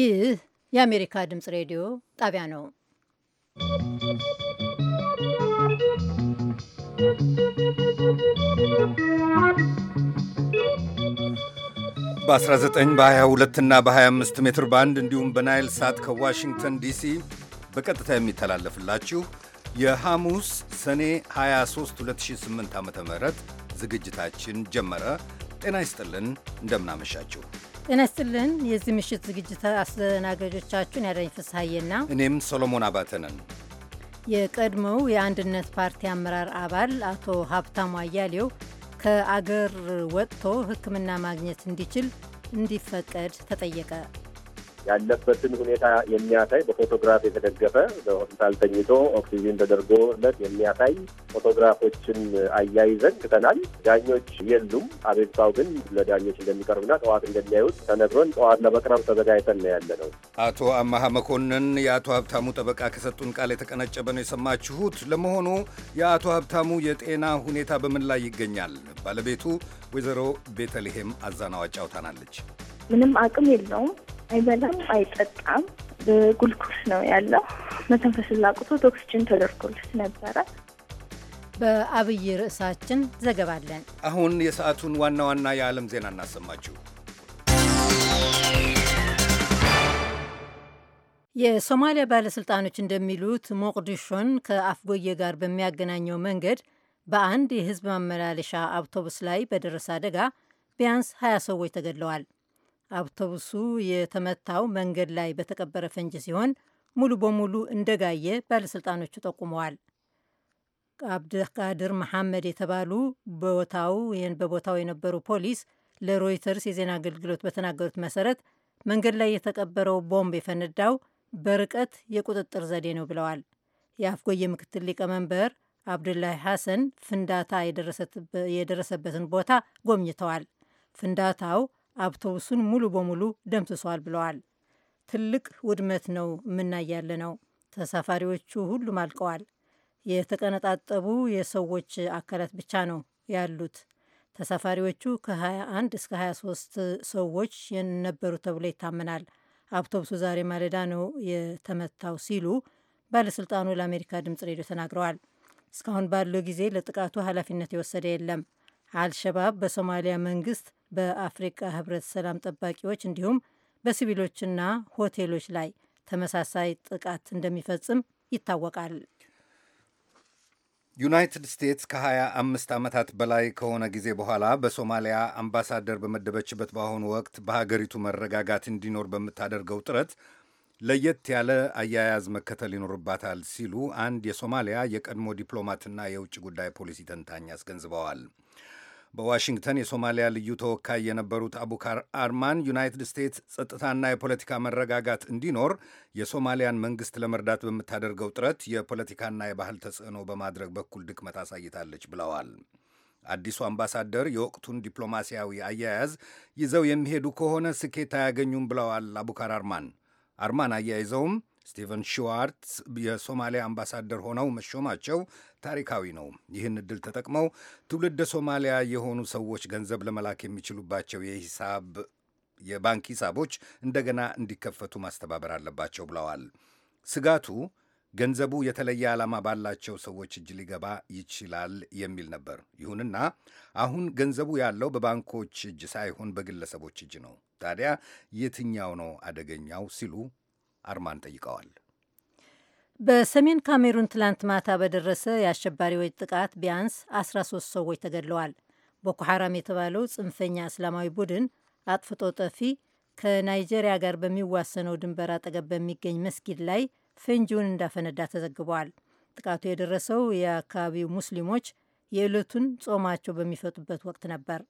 ይህ የአሜሪካ ድምፅ ሬዲዮ ጣቢያ ነው። በ19 በ22 እና በ25 ሜትር ባንድ እንዲሁም በናይል ሳት ከዋሽንግተን ዲሲ በቀጥታ የሚተላለፍላችሁ የሐሙስ ሰኔ 23 2008 ዓ ም ዝግጅታችን ጀመረ። ጤና ይስጥልን፣ እንደምናመሻችሁ። ጤና ይስጥልን። የዚህ ምሽት ዝግጅት አስተናጋጆቻችሁን ያዳኝ ፍስሐዬና እኔም ሶሎሞን አባተ የቀድሞው የአንድነት ፓርቲ አመራር አባል አቶ ሀብታሙ አያሌው ከአገር ወጥቶ ሕክምና ማግኘት እንዲችል እንዲፈቀድ ተጠየቀ። ያለበትን ሁኔታ የሚያሳይ በፎቶግራፍ የተደገፈ በሆስፒታል ተኝቶ ኦክሲጂን ተደርጎለት የሚያሳይ ፎቶግራፎችን አያይዘን ክተናል። ዳኞች የሉም። አቤቱታው ግን ለዳኞች እንደሚቀርብና ጠዋት እንደሚያዩት ተነግሮን ጠዋት ለመቅረብ ተዘጋጅተን ነው ያለ ነው። አቶ አማሀ መኮንን የአቶ ሀብታሙ ጠበቃ ከሰጡን ቃል የተቀነጨበ ነው የሰማችሁት። ለመሆኑ የአቶ ሀብታሙ የጤና ሁኔታ በምን ላይ ይገኛል? ባለቤቱ ወይዘሮ ቤተልሔም አዛናዋ ጫውታናለች። ምንም አቅም የለውም አይበላም፣ አይጠጣም። በጉልኮስ ነው ያለው። መተንፈስ ላቅቶት ኦክስጅን ተደርጎለት ነበረ። በአብይ ርዕሳችን ዘገባለን። አሁን የሰዓቱን ዋና ዋና የዓለም ዜና እናሰማችሁ። የሶማሊያ ባለሥልጣኖች እንደሚሉት ሞቅዲሾን ከአፍጎዬ ጋር በሚያገናኘው መንገድ በአንድ የሕዝብ ማመላለሻ አውቶቡስ ላይ በደረሰ አደጋ ቢያንስ 20 ሰዎች ተገድለዋል። አውቶቡሱ የተመታው መንገድ ላይ በተቀበረ ፈንጂ ሲሆን ሙሉ በሙሉ እንደጋየ ባለሥልጣኖቹ ጠቁመዋል። አብድልቃድር መሐመድ የተባሉ ቦታው ይህን በቦታው የነበሩ ፖሊስ ለሮይተርስ የዜና አገልግሎት በተናገሩት መሰረት መንገድ ላይ የተቀበረው ቦምብ የፈነዳው በርቀት የቁጥጥር ዘዴ ነው ብለዋል። የአፍጎየ ምክትል ሊቀመንበር አብዱላይ ሐሰን ፍንዳታ የደረሰበትን ቦታ ጎብኝተዋል። ፍንዳታው አውቶቡሱን ሙሉ በሙሉ ደምስሷል ብለዋል። ትልቅ ውድመት ነው የምናያለ ነው። ተሳፋሪዎቹ ሁሉም አልቀዋል። የተቀነጣጠቡ የሰዎች አካላት ብቻ ነው ያሉት። ተሳፋሪዎቹ ከ21 እስከ 23 ሰዎች የነበሩ ተብሎ ይታመናል። አውቶቡሱ ዛሬ ማለዳ ነው የተመታው ሲሉ ባለስልጣኑ ለአሜሪካ ድምጽ ሬዲዮ ተናግረዋል። እስካሁን ባለው ጊዜ ለጥቃቱ ኃላፊነት የወሰደ የለም። አልሸባብ በሶማሊያ መንግስት በአፍሪካ ህብረት ሰላም ጠባቂዎች እንዲሁም በሲቪሎችና ሆቴሎች ላይ ተመሳሳይ ጥቃት እንደሚፈጽም ይታወቃል። ዩናይትድ ስቴትስ ከሀያ አምስት ዓመታት በላይ ከሆነ ጊዜ በኋላ በሶማሊያ አምባሳደር በመደበችበት በአሁኑ ወቅት በሀገሪቱ መረጋጋት እንዲኖር በምታደርገው ጥረት ለየት ያለ አያያዝ መከተል ይኖርባታል ሲሉ አንድ የሶማሊያ የቀድሞ ዲፕሎማትና የውጭ ጉዳይ ፖሊሲ ተንታኝ አስገንዝበዋል። በዋሽንግተን የሶማሊያ ልዩ ተወካይ የነበሩት አቡካር አርማን ዩናይትድ ስቴትስ ጸጥታና የፖለቲካ መረጋጋት እንዲኖር የሶማሊያን መንግስት ለመርዳት በምታደርገው ጥረት የፖለቲካና የባህል ተጽዕኖ በማድረግ በኩል ድክመት አሳይታለች ብለዋል። አዲሱ አምባሳደር የወቅቱን ዲፕሎማሲያዊ አያያዝ ይዘው የሚሄዱ ከሆነ ስኬት አያገኙም ብለዋል አቡካር አርማን። አርማን አያይዘውም ስቲቨን ሽዋርት የሶማሊያ አምባሳደር ሆነው መሾማቸው ታሪካዊ ነው። ይህን እድል ተጠቅመው ትውልደ ሶማሊያ የሆኑ ሰዎች ገንዘብ ለመላክ የሚችሉባቸው የሂሳብ የባንክ ሂሳቦች እንደገና እንዲከፈቱ ማስተባበር አለባቸው ብለዋል። ስጋቱ ገንዘቡ የተለየ ዓላማ ባላቸው ሰዎች እጅ ሊገባ ይችላል የሚል ነበር። ይሁንና አሁን ገንዘቡ ያለው በባንኮች እጅ ሳይሆን በግለሰቦች እጅ ነው። ታዲያ የትኛው ነው አደገኛው? ሲሉ አርማን ጠይቀዋል። በሰሜን ካሜሩን ትላንት ማታ በደረሰ የአሸባሪዎች ጥቃት ቢያንስ 13 ሰዎች ተገድለዋል። ቦኮ ሐራም የተባለው ጽንፈኛ እስላማዊ ቡድን አጥፍቶ ጠፊ ከናይጄሪያ ጋር በሚዋሰነው ድንበር አጠገብ በሚገኝ መስጊድ ላይ ፈንጂውን እንዳፈነዳ ተዘግበዋል። ጥቃቱ የደረሰው የአካባቢው ሙስሊሞች የዕለቱን ጾማቸው በሚፈቱበት ወቅት ነበር።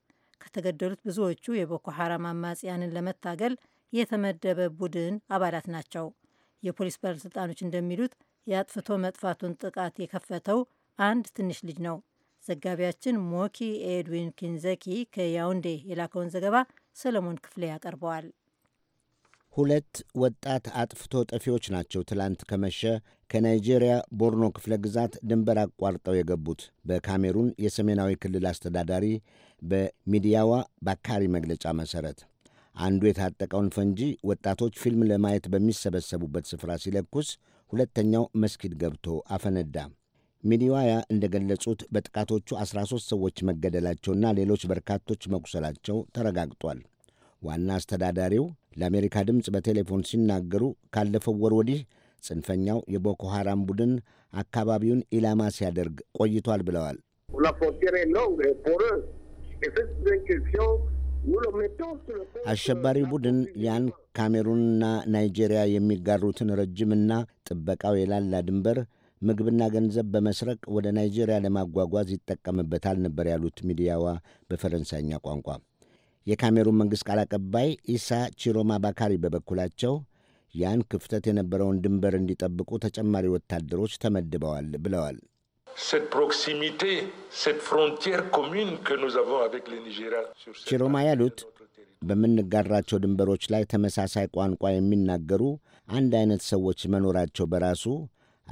ከተገደሉት ብዙዎቹ የቦኮ ሐራም አማጽያንን ለመታገል የተመደበ ቡድን አባላት ናቸው። የፖሊስ ባለሥልጣኖች እንደሚሉት የአጥፍቶ መጥፋቱን ጥቃት የከፈተው አንድ ትንሽ ልጅ ነው። ዘጋቢያችን ሞኪ ኤድዊን ኪንዘኪ ከያውንዴ የላከውን ዘገባ ሰለሞን ክፍሌ ያቀርበዋል። ሁለት ወጣት አጥፍቶ ጠፊዎች ናቸው ትላንት ከመሸ ከናይጄሪያ ቦርኖ ክፍለ ግዛት ድንበር አቋርጠው የገቡት በካሜሩን የሰሜናዊ ክልል አስተዳዳሪ በሚዲያዋ ባካሪ መግለጫ መሠረት አንዱ የታጠቀውን ፈንጂ ወጣቶች ፊልም ለማየት በሚሰበሰቡበት ስፍራ ሲለኩስ ሁለተኛው መስጊድ ገብቶ አፈነዳ። ሚዲዋያ እንደገለጹት በጥቃቶቹ 13 ሰዎች መገደላቸውና ሌሎች በርካቶች መቁሰላቸው ተረጋግጧል። ዋና አስተዳዳሪው ለአሜሪካ ድምፅ በቴሌፎን ሲናገሩ ካለፈው ወር ወዲህ ጽንፈኛው የቦኮ ሐራም ቡድን አካባቢውን ኢላማ ሲያደርግ ቆይቷል ብለዋል። አሸባሪው ቡድን ያን ካሜሩንና ናይጄሪያ የሚጋሩትን ረጅምና ጥበቃው የላላ ድንበር ምግብና ገንዘብ በመስረቅ ወደ ናይጄሪያ ለማጓጓዝ ይጠቀምበታል ነበር ያሉት ሚዲያዋ በፈረንሳይኛ ቋንቋ። የካሜሩን መንግሥት ቃል አቀባይ ኢሳ ቺሮማ ባካሪ በበኩላቸው ያን ክፍተት የነበረውን ድንበር እንዲጠብቁ ተጨማሪ ወታደሮች ተመድበዋል ብለዋል። ቺሮማ ያሉት በምንጋራቸው ድንበሮች ላይ ተመሳሳይ ቋንቋ የሚናገሩ አንድ አይነት ሰዎች መኖራቸው በራሱ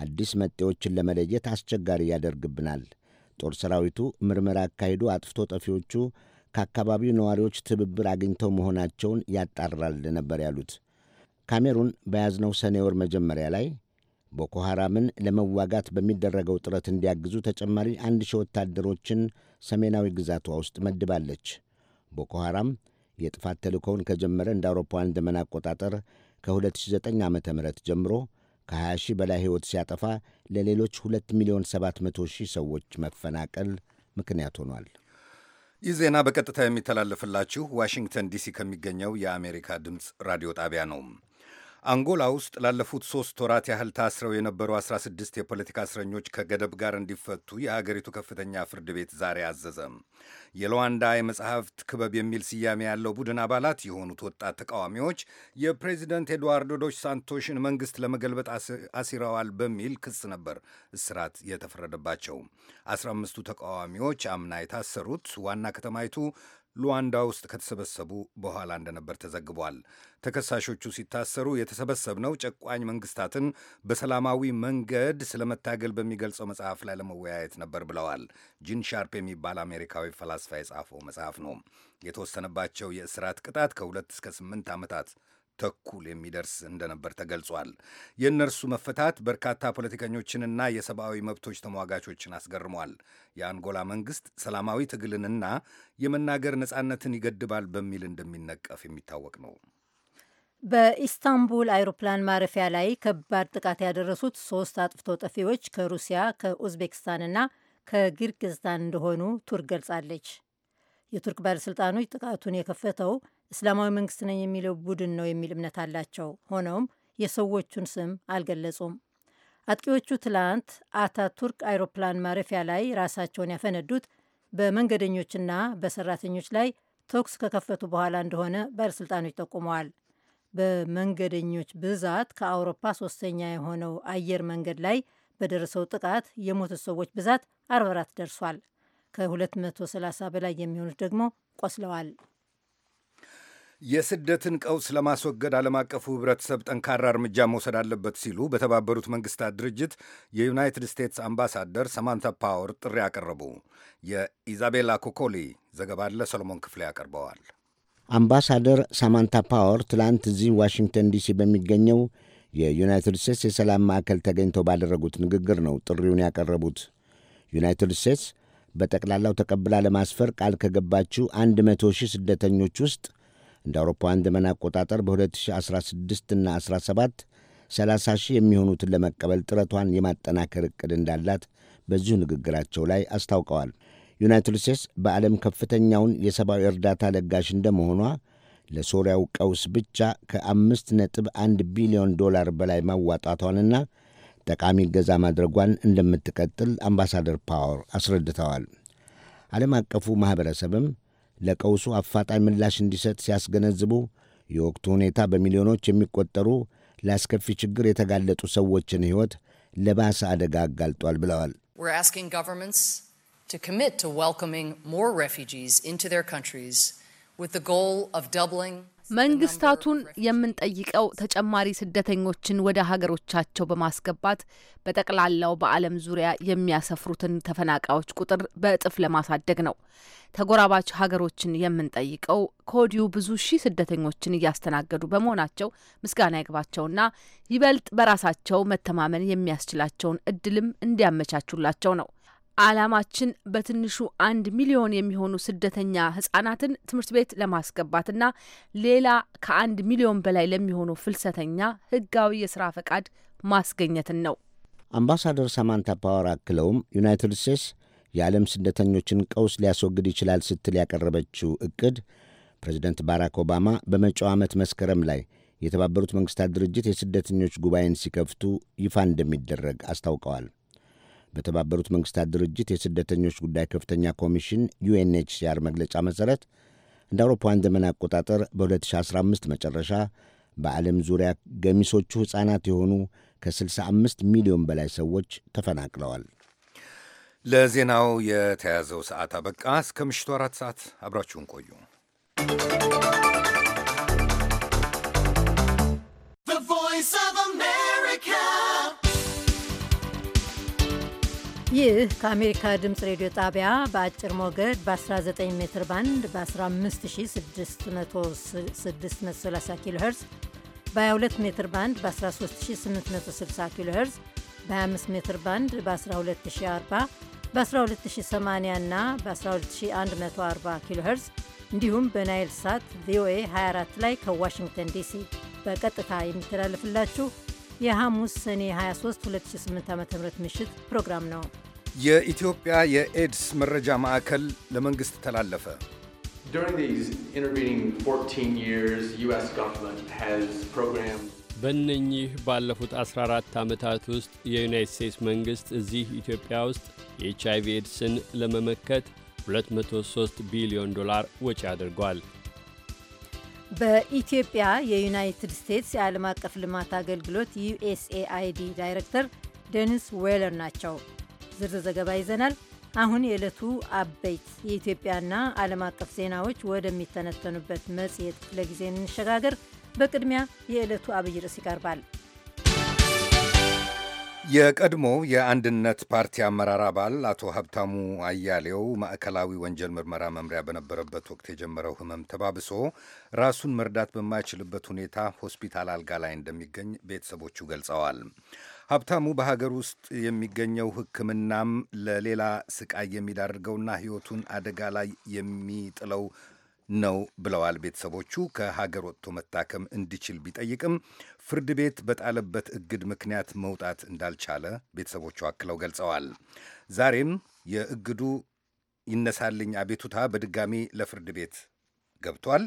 አዲስ መጤዎችን ለመለየት አስቸጋሪ ያደርግብናል። ጦር ሰራዊቱ ምርመራ አካሂዶ አጥፍቶ ጠፊዎቹ ከአካባቢው ነዋሪዎች ትብብር አግኝተው መሆናቸውን ያጣራል ነበር ያሉት። ካሜሩን በያዝነው ሰኔ ወር መጀመሪያ ላይ ቦኮ ሐራምን ለመዋጋት በሚደረገው ጥረት እንዲያግዙ ተጨማሪ አንድ ሺህ ወታደሮችን ሰሜናዊ ግዛቷ ውስጥ መድባለች። ቦኮ ሐራም የጥፋት ተልእኮውን ከጀመረ እንደ አውሮፓውያን ዘመን አቆጣጠር ከ2009 ዓ ም ጀምሮ ከ20 ሺህ በላይ ሕይወት ሲያጠፋ ለሌሎች 2 ሚሊዮን 700 ሺህ ሰዎች መፈናቀል ምክንያት ሆኗል። ይህ ዜና በቀጥታ የሚተላለፍላችሁ ዋሽንግተን ዲሲ ከሚገኘው የአሜሪካ ድምፅ ራዲዮ ጣቢያ ነው። አንጎላ ውስጥ ላለፉት ሶስት ወራት ያህል ታስረው የነበሩ 16 የፖለቲካ እስረኞች ከገደብ ጋር እንዲፈቱ የሀገሪቱ ከፍተኛ ፍርድ ቤት ዛሬ አዘዘ። የሉዋንዳ የመጽሐፍት ክበብ የሚል ስያሜ ያለው ቡድን አባላት የሆኑት ወጣት ተቃዋሚዎች የፕሬዚደንት ኤድዋርዶ ዶች ሳንቶሽን መንግስት ለመገልበጥ አሲረዋል በሚል ክስ ነበር እስራት የተፈረደባቸው። 15ቱ ተቃዋሚዎች አምና የታሰሩት ዋና ከተማይቱ ሉዋንዳ ውስጥ ከተሰበሰቡ በኋላ እንደነበር ተዘግቧል። ተከሳሾቹ ሲታሰሩ የተሰበሰብነው ጨቋኝ መንግስታትን በሰላማዊ መንገድ ስለመታገል በሚገልጸው መጽሐፍ ላይ ለመወያየት ነበር ብለዋል። ጂን ሻርፕ የሚባል አሜሪካዊ ፈላስፋ የጻፈው መጽሐፍ ነው። የተወሰነባቸው የእስራት ቅጣት ከሁለት እስከ ስምንት ዓመታት ተኩል የሚደርስ እንደነበር ተገልጿል። የእነርሱ መፈታት በርካታ ፖለቲከኞችንና የሰብአዊ መብቶች ተሟጋቾችን አስገርሟል። የአንጎላ መንግስት ሰላማዊ ትግልንና የመናገር ነጻነትን ይገድባል በሚል እንደሚነቀፍ የሚታወቅ ነው። በኢስታንቡል አይሮፕላን ማረፊያ ላይ ከባድ ጥቃት ያደረሱት ሶስት አጥፍቶ ጠፊዎች ከሩሲያ ከኡዝቤክስታንና ከጊርጊዝስታን እንደሆኑ ቱርክ ገልጻለች። የቱርክ ባለሥልጣኖች ጥቃቱን የከፈተው እስላማዊ መንግሥት ነኝ የሚለው ቡድን ነው የሚል እምነት አላቸው። ሆኖም የሰዎቹን ስም አልገለጹም። አጥቂዎቹ ትላንት አታቱርክ አይሮፕላን ማረፊያ ላይ ራሳቸውን ያፈነዱት በመንገደኞችና በሰራተኞች ላይ ተኩስ ከከፈቱ በኋላ እንደሆነ ባለሥልጣኖች ጠቁመዋል። በመንገደኞች ብዛት ከአውሮፓ ሶስተኛ የሆነው አየር መንገድ ላይ በደረሰው ጥቃት የሞቱት ሰዎች ብዛት 44 ደርሷል። ከ230 በላይ የሚሆኑት ደግሞ ቆስለዋል። የስደትን ቀውስ ለማስወገድ ዓለም አቀፉ ህብረተሰብ ጠንካራ እርምጃ መውሰድ አለበት ሲሉ በተባበሩት መንግስታት ድርጅት የዩናይትድ ስቴትስ አምባሳደር ሰማንታ ፓወር ጥሪ አቀረቡ። የኢዛቤላ ኮኮሊ ዘገባ ሰሎሞን ክፍሌ ያቀርበዋል። አምባሳደር ሳማንታ ፓወር ትላንት እዚህ ዋሽንግተን ዲሲ በሚገኘው የዩናይትድ ስቴትስ የሰላም ማዕከል ተገኝተው ባደረጉት ንግግር ነው ጥሪውን ያቀረቡት። ዩናይትድ ስቴትስ በጠቅላላው ተቀብላ ለማስፈር ቃል ከገባችው 100 ሺህ ስደተኞች ውስጥ እንደ አውሮፓውያን ዘመን አቆጣጠር በ2016 እና 17 30 ሺህ የሚሆኑትን ለመቀበል ጥረቷን የማጠናከር ዕቅድ እንዳላት በዚሁ ንግግራቸው ላይ አስታውቀዋል። ዩናይትድ ስቴትስ በዓለም ከፍተኛውን የሰብአዊ እርዳታ ለጋሽ እንደመሆኗ ለሶሪያው ቀውስ ብቻ ከ5 ነጥብ 1 ቢሊዮን ዶላር በላይ ማዋጣቷንና ጠቃሚ እገዛ ማድረጓን እንደምትቀጥል አምባሳደር ፓወር አስረድተዋል። ዓለም አቀፉ ማኅበረሰብም ለቀውሱ አፋጣኝ ምላሽ እንዲሰጥ ሲያስገነዝቡ የወቅቱ ሁኔታ በሚሊዮኖች የሚቆጠሩ ለአስከፊ ችግር የተጋለጡ ሰዎችን ሕይወት ለባሰ አደጋ አጋልጧል ብለዋል። መንግስታቱን የምንጠይቀው ተጨማሪ ስደተኞችን ወደ ሀገሮቻቸው በማስገባት በጠቅላላው በዓለም ዙሪያ የሚያሰፍሩትን ተፈናቃዮች ቁጥር በእጥፍ ለማሳደግ ነው። ተጎራባች ሀገሮችን የምንጠይቀው ከወዲሁ ብዙ ሺህ ስደተኞችን እያስተናገዱ በመሆናቸው ምስጋና ይግባቸውና ይበልጥ በራሳቸው መተማመን የሚያስችላቸውን እድልም እንዲያመቻቹላቸው ነው። ዓላማችን በትንሹ አንድ ሚሊዮን የሚሆኑ ስደተኛ ህጻናትን ትምህርት ቤት ለማስገባትና ሌላ ከአንድ ሚሊዮን በላይ ለሚሆኑ ፍልሰተኛ ህጋዊ የስራ ፈቃድ ማስገኘትን ነው። አምባሳደር ሳማንታ ፓወር አክለውም ዩናይትድ ስቴትስ የዓለም ስደተኞችን ቀውስ ሊያስወግድ ይችላል ስትል ያቀረበችው እቅድ ፕሬዚደንት ባራክ ኦባማ በመጪው ዓመት መስከረም ላይ የተባበሩት መንግስታት ድርጅት የስደተኞች ጉባኤን ሲከፍቱ ይፋ እንደሚደረግ አስታውቀዋል። በተባበሩት መንግስታት ድርጅት የስደተኞች ጉዳይ ከፍተኛ ኮሚሽን ዩኤንኤችሲአር መግለጫ መሠረት እንደ አውሮፓውያን ዘመን አቆጣጠር በ2015 መጨረሻ በዓለም ዙሪያ ገሚሶቹ ሕፃናት የሆኑ ከ65 ሚሊዮን በላይ ሰዎች ተፈናቅለዋል። ለዜናው የተያዘው ሰዓት አበቃ። እስከ ምሽቱ አራት ሰዓት አብራችሁን ቆዩ። ይህ ከአሜሪካ ድምፅ ሬዲዮ ጣቢያ በአጭር ሞገድ በ19 ሜትር ባንድ በ15630 ኪሎ ሄርዝ በ22 ሜትር ባንድ በ13860 ኪሎ ሄርዝ በ25 ሜትር ባንድ በ 1240 በ 1280 እና በ12140 ኪሎ ሄርዝ እንዲሁም በናይል ሳት ቪኦኤ 24 ላይ ከዋሽንግተን ዲሲ በቀጥታ የሚተላለፍላችሁ የሐሙስ ሰኔ 23 2008 ዓ ም ምሽት ፕሮግራም ነው። የኢትዮጵያ የኤድስ መረጃ ማዕከል ለመንግሥት ተላለፈ። በእነኚህ ባለፉት 14 ዓመታት ውስጥ የዩናይት ስቴትስ መንግሥት እዚህ ኢትዮጵያ ውስጥ የኤች አይቪ ኤድስን ለመመከት 203 ቢሊዮን ዶላር ወጪ አድርጓል። በኢትዮጵያ የዩናይትድ ስቴትስ የዓለም አቀፍ ልማት አገልግሎት ዩኤስኤአይዲ ዳይሬክተር ደንስ ዌለር ናቸው። ዝርዝር ዘገባ ይዘናል። አሁን የዕለቱ አበይት የኢትዮጵያና ዓለም አቀፍ ዜናዎች ወደሚተነተኑበት መጽሔት ክፍለ ጊዜ እንሸጋገር። በቅድሚያ የዕለቱ አብይ ርዕስ ይቀርባል። የቀድሞ የአንድነት ፓርቲ አመራር አባል አቶ ሀብታሙ አያሌው ማዕከላዊ ወንጀል ምርመራ መምሪያ በነበረበት ወቅት የጀመረው ህመም ተባብሶ ራሱን መርዳት በማይችልበት ሁኔታ ሆስፒታል አልጋ ላይ እንደሚገኝ ቤተሰቦቹ ገልጸዋል። ሀብታሙ በሀገር ውስጥ የሚገኘው ሕክምናም ለሌላ ስቃይ የሚዳርገውና ህይወቱን አደጋ ላይ የሚጥለው ነው ብለዋል ቤተሰቦቹ። ከሀገር ወጥቶ መታከም እንዲችል ቢጠይቅም ፍርድ ቤት በጣለበት እግድ ምክንያት መውጣት እንዳልቻለ ቤተሰቦቹ አክለው ገልጸዋል። ዛሬም የእግዱ ይነሳልኝ አቤቱታ በድጋሚ ለፍርድ ቤት ገብቷል።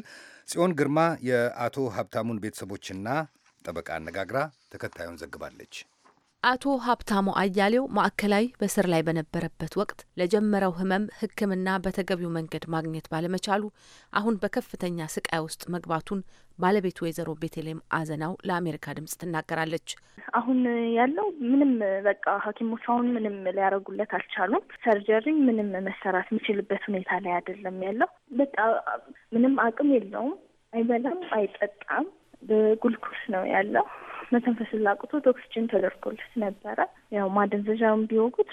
ጽዮን ግርማ የአቶ ሀብታሙን ቤተሰቦችና ጠበቃ አነጋግራ ተከታዩን ዘግባለች። አቶ ሀብታሙ አያሌው ማዕከላዊ በስር ላይ በነበረበት ወቅት ለጀመረው ህመም ሕክምና በተገቢው መንገድ ማግኘት ባለመቻሉ አሁን በከፍተኛ ስቃይ ውስጥ መግባቱን ባለቤት ወይዘሮ ቤቴሌም አዘናው ለአሜሪካ ድምጽ ትናገራለች። አሁን ያለው ምንም በቃ ሐኪሞች አሁን ምንም ሊያደርጉለት አልቻሉም። ሰርጀሪ ምንም መሰራት የሚችልበት ሁኔታ ላይ አይደለም ያለው። በቃ ምንም አቅም የለውም። አይበላም፣ አይጠጣም። በጉልኩስ ነው ያለው መተንፈስ ላቅቶት ኦክሲጅን ተደርጎለት ነበረ። ያው ማደንዘዣውን ቢወጉት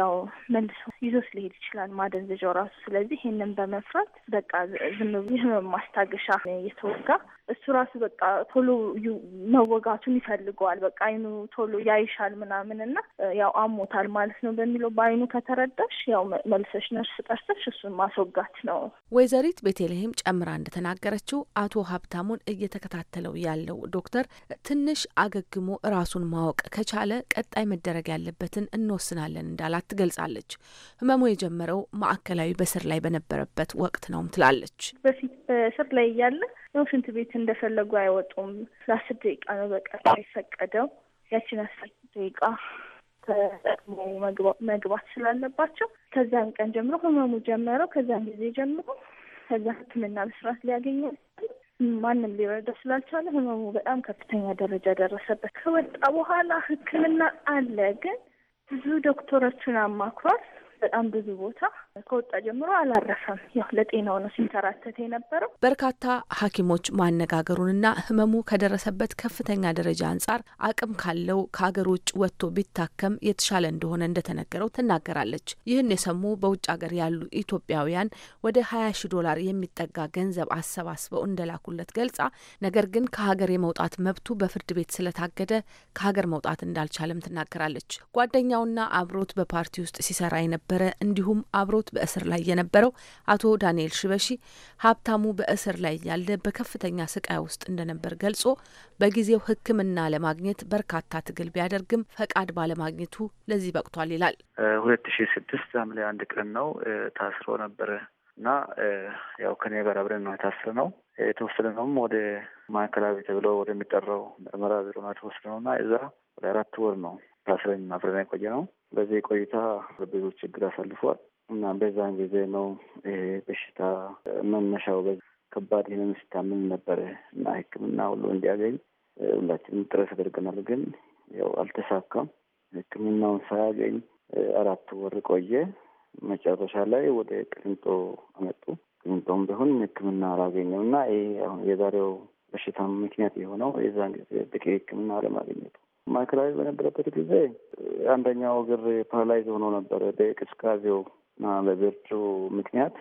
ያው መልሶ ይዞት ሊሄድ ይችላል ማደንዘዣው ራሱ። ስለዚህ ይሄንን በመፍራት በቃ ዝም ብሎ የህመም ማስታገሻ የተወጋ እሱ ራሱ በቃ ቶሎ መወጋቱን ይፈልገዋል። በቃ አይኑ ቶሎ ያይሻል ምናምን እና ያው አሞታል ማለት ነው በሚለው በአይኑ ከተረዳሽ ያው መልሰሽ ነርስ ጠርሰሽ እሱን ማስወጋት ነው። ወይዘሪት ቤተልሔም ጨምራ እንደተናገረችው አቶ ሀብታሙን እየተከታተለው ያለው ዶክተር ትን ትንሽ አገግሞ ራሱን ማወቅ ከቻለ ቀጣይ መደረግ ያለበትን እንወስናለን እንዳላት ትገልጻለች። ህመሙ የጀመረው ማዕከላዊ በስር ላይ በነበረበት ወቅት ነውም ትላለች። በፊት በስር ላይ እያለ ያው ሽንት ቤት እንደፈለጉ አይወጡም። ለአስር ደቂቃ ነው በቀን የፈቀደው። ያችን አስር ደቂቃ ተጠቅሞ መግባት ስላለባቸው ከዛን ቀን ጀምሮ ህመሙ ጀመረው። ከዛን ጊዜ ጀምሮ ከዛ ህክምና በስርዓት ሊያገኘ ማንም ሊረዳ ስላልቻለ ህመሙ በጣም ከፍተኛ ደረጃ ደረሰበት። ከወጣ በኋላ ህክምና አለ ግን ብዙ ዶክተሮችን አማክሯል። በጣም ብዙ ቦታ ከወጣ ጀምሮ አላረፈም። ያው ለጤናው ነው ሲንከራተት የነበረው። በርካታ ሐኪሞች ማነጋገሩንና ህመሙ ከደረሰበት ከፍተኛ ደረጃ አንጻር አቅም ካለው ከሀገር ውጭ ወጥቶ ቢታከም የተሻለ እንደሆነ እንደተነገረው ትናገራለች። ይህን የሰሙ በውጭ ሀገር ያሉ ኢትዮጵያውያን ወደ ሀያ ሺ ዶላር የሚጠጋ ገንዘብ አሰባስበው እንደላኩለት ገልጻ፣ ነገር ግን ከሀገር የመውጣት መብቱ በፍርድ ቤት ስለታገደ ከሀገር መውጣት እንዳልቻለም ትናገራለች። ጓደኛውና አብሮት በፓርቲ ውስጥ ሲሰራ የነበረ እንዲሁም አብሮት ችሎት በእስር ላይ የነበረው አቶ ዳንኤል ሽበሺ ሀብታሙ በእስር ላይ ያለ በከፍተኛ ስቃይ ውስጥ እንደነበር ገልጾ በጊዜው ሕክምና ለማግኘት በርካታ ትግል ቢያደርግም ፈቃድ ባለማግኘቱ ለዚህ በቅቷል ይላል። ሁለት ሺ ስድስት ሐምሌ አንድ ቀን ነው ታስሮ ነበረ እና ያው ከኔ ጋር አብረን ነው የታሰረ ነው የተወሰደ ነውም ወደ ማዕከላዊ ተብሎ ወደሚጠራው ምርመራ ቢሮ ነው የተወሰደ ነው እና እዛ ወደ አራት ወር ነው ታስረን አብረን የቆየ ነው። በዚህ ቆይታ ብዙ ችግር አሳልፏል። እና በዛን ጊዜ ነው በሽታ መነሻው ከባድ የሆነ ስታምን ነበረ እና ህክምና ሁሉ እንዲያገኝ ሁላችንም ጥረት አድርገናል። ግን ያው አልተሳካም። ህክምናውን ሳያገኝ አራት ወር ቆየ። መጨረሻ ላይ ወደ ቅሊንጦ አመጡ። ቅሊንጦም ቢሆን ህክምና አላገኘም እና ይህ የዛሬው በሽታ ምክንያት የሆነው የዛን ጊዜ በቂ ህክምና አለማግኘቱ ማዕከላዊ በነበረበት ጊዜ አንደኛው እግር ፓራላይዝ ሆኖ ነበረ በቅስቃዜው በቤርቹ ምክንያት፣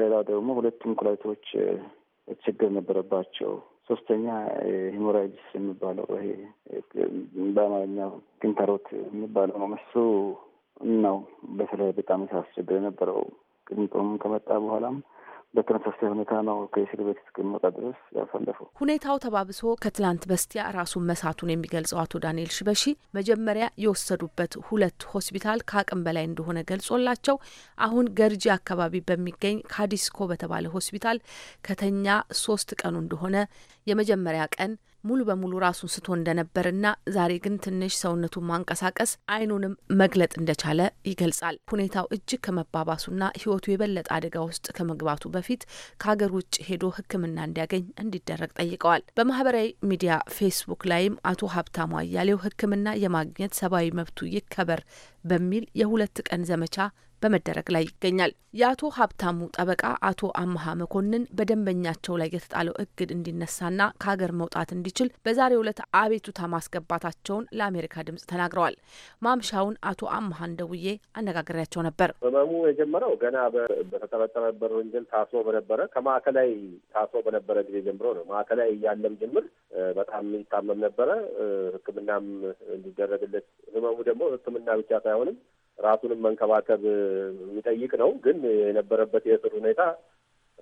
ሌላው ደግሞ ሁለቱም ኩላሊቶች ችግር ነበረባቸው። ሶስተኛ ሂሞራይድስ የሚባለው ይሄ በአማርኛው ግንታሮት የሚባለው ነው። እሱ ነው በተለይ በጣም ያስቸግር የነበረው ቅንጦም ከመጣ በኋላም በተመሳሳይ ሁኔታ ነው ከእስር ቤት እስክመጣ ድረስ ያሳለፈው። ሁኔታው ተባብሶ ከትላንት በስቲያ ራሱን መሳቱን የሚገልጸው አቶ ዳንኤል ሽበሺ መጀመሪያ የወሰዱበት ሁለት ሆስፒታል ከአቅም በላይ እንደሆነ ገልጾላቸው አሁን ገርጂ አካባቢ በሚገኝ ካዲስኮ በተባለ ሆስፒታል ከተኛ ሶስት ቀኑ እንደሆነ የመጀመሪያ ቀን ሙሉ በሙሉ ራሱን ስቶ እንደነበርና ዛሬ ግን ትንሽ ሰውነቱን ማንቀሳቀስ፣ አይኑንም መግለጥ እንደቻለ ይገልጻል። ሁኔታው እጅግ ከመባባሱና ሕይወቱ የበለጠ አደጋ ውስጥ ከመግባቱ በፊት ከሀገር ውጭ ሄዶ ሕክምና እንዲያገኝ እንዲደረግ ጠይቀዋል። በማህበራዊ ሚዲያ ፌስቡክ ላይም አቶ ሀብታሙ አያሌው ሕክምና የማግኘት ሰብአዊ መብቱ ይከበር በሚል የሁለት ቀን ዘመቻ በመደረግ ላይ ይገኛል። የአቶ ሀብታሙ ጠበቃ አቶ አመሀ መኮንን በደንበኛቸው ላይ የተጣለው እግድ እንዲነሳና ከሀገር መውጣት እንዲችል በዛሬው ዕለት አቤቱታ ማስገባታቸውን ለአሜሪካ ድምጽ ተናግረዋል። ማምሻውን አቶ አመሀ እንደውዬ አነጋግሬያቸው ነበር። ህመሙ የጀመረው ገና በተጠረጠረበት ወንጀል ታስሮ በነበረ ከማዕከላዊ ታስሮ በነበረ ጊዜ ጀምሮ ነው። ማዕከላዊ እያለም ጀምር በጣም ይታመም ነበረ። ሕክምናም እንዲደረግለት ህመሙ ደግሞ ሕክምና ብቻ ሳይሆንም ራሱንም መንከባከብ የሚጠይቅ ነው። ግን የነበረበት የእስር ሁኔታ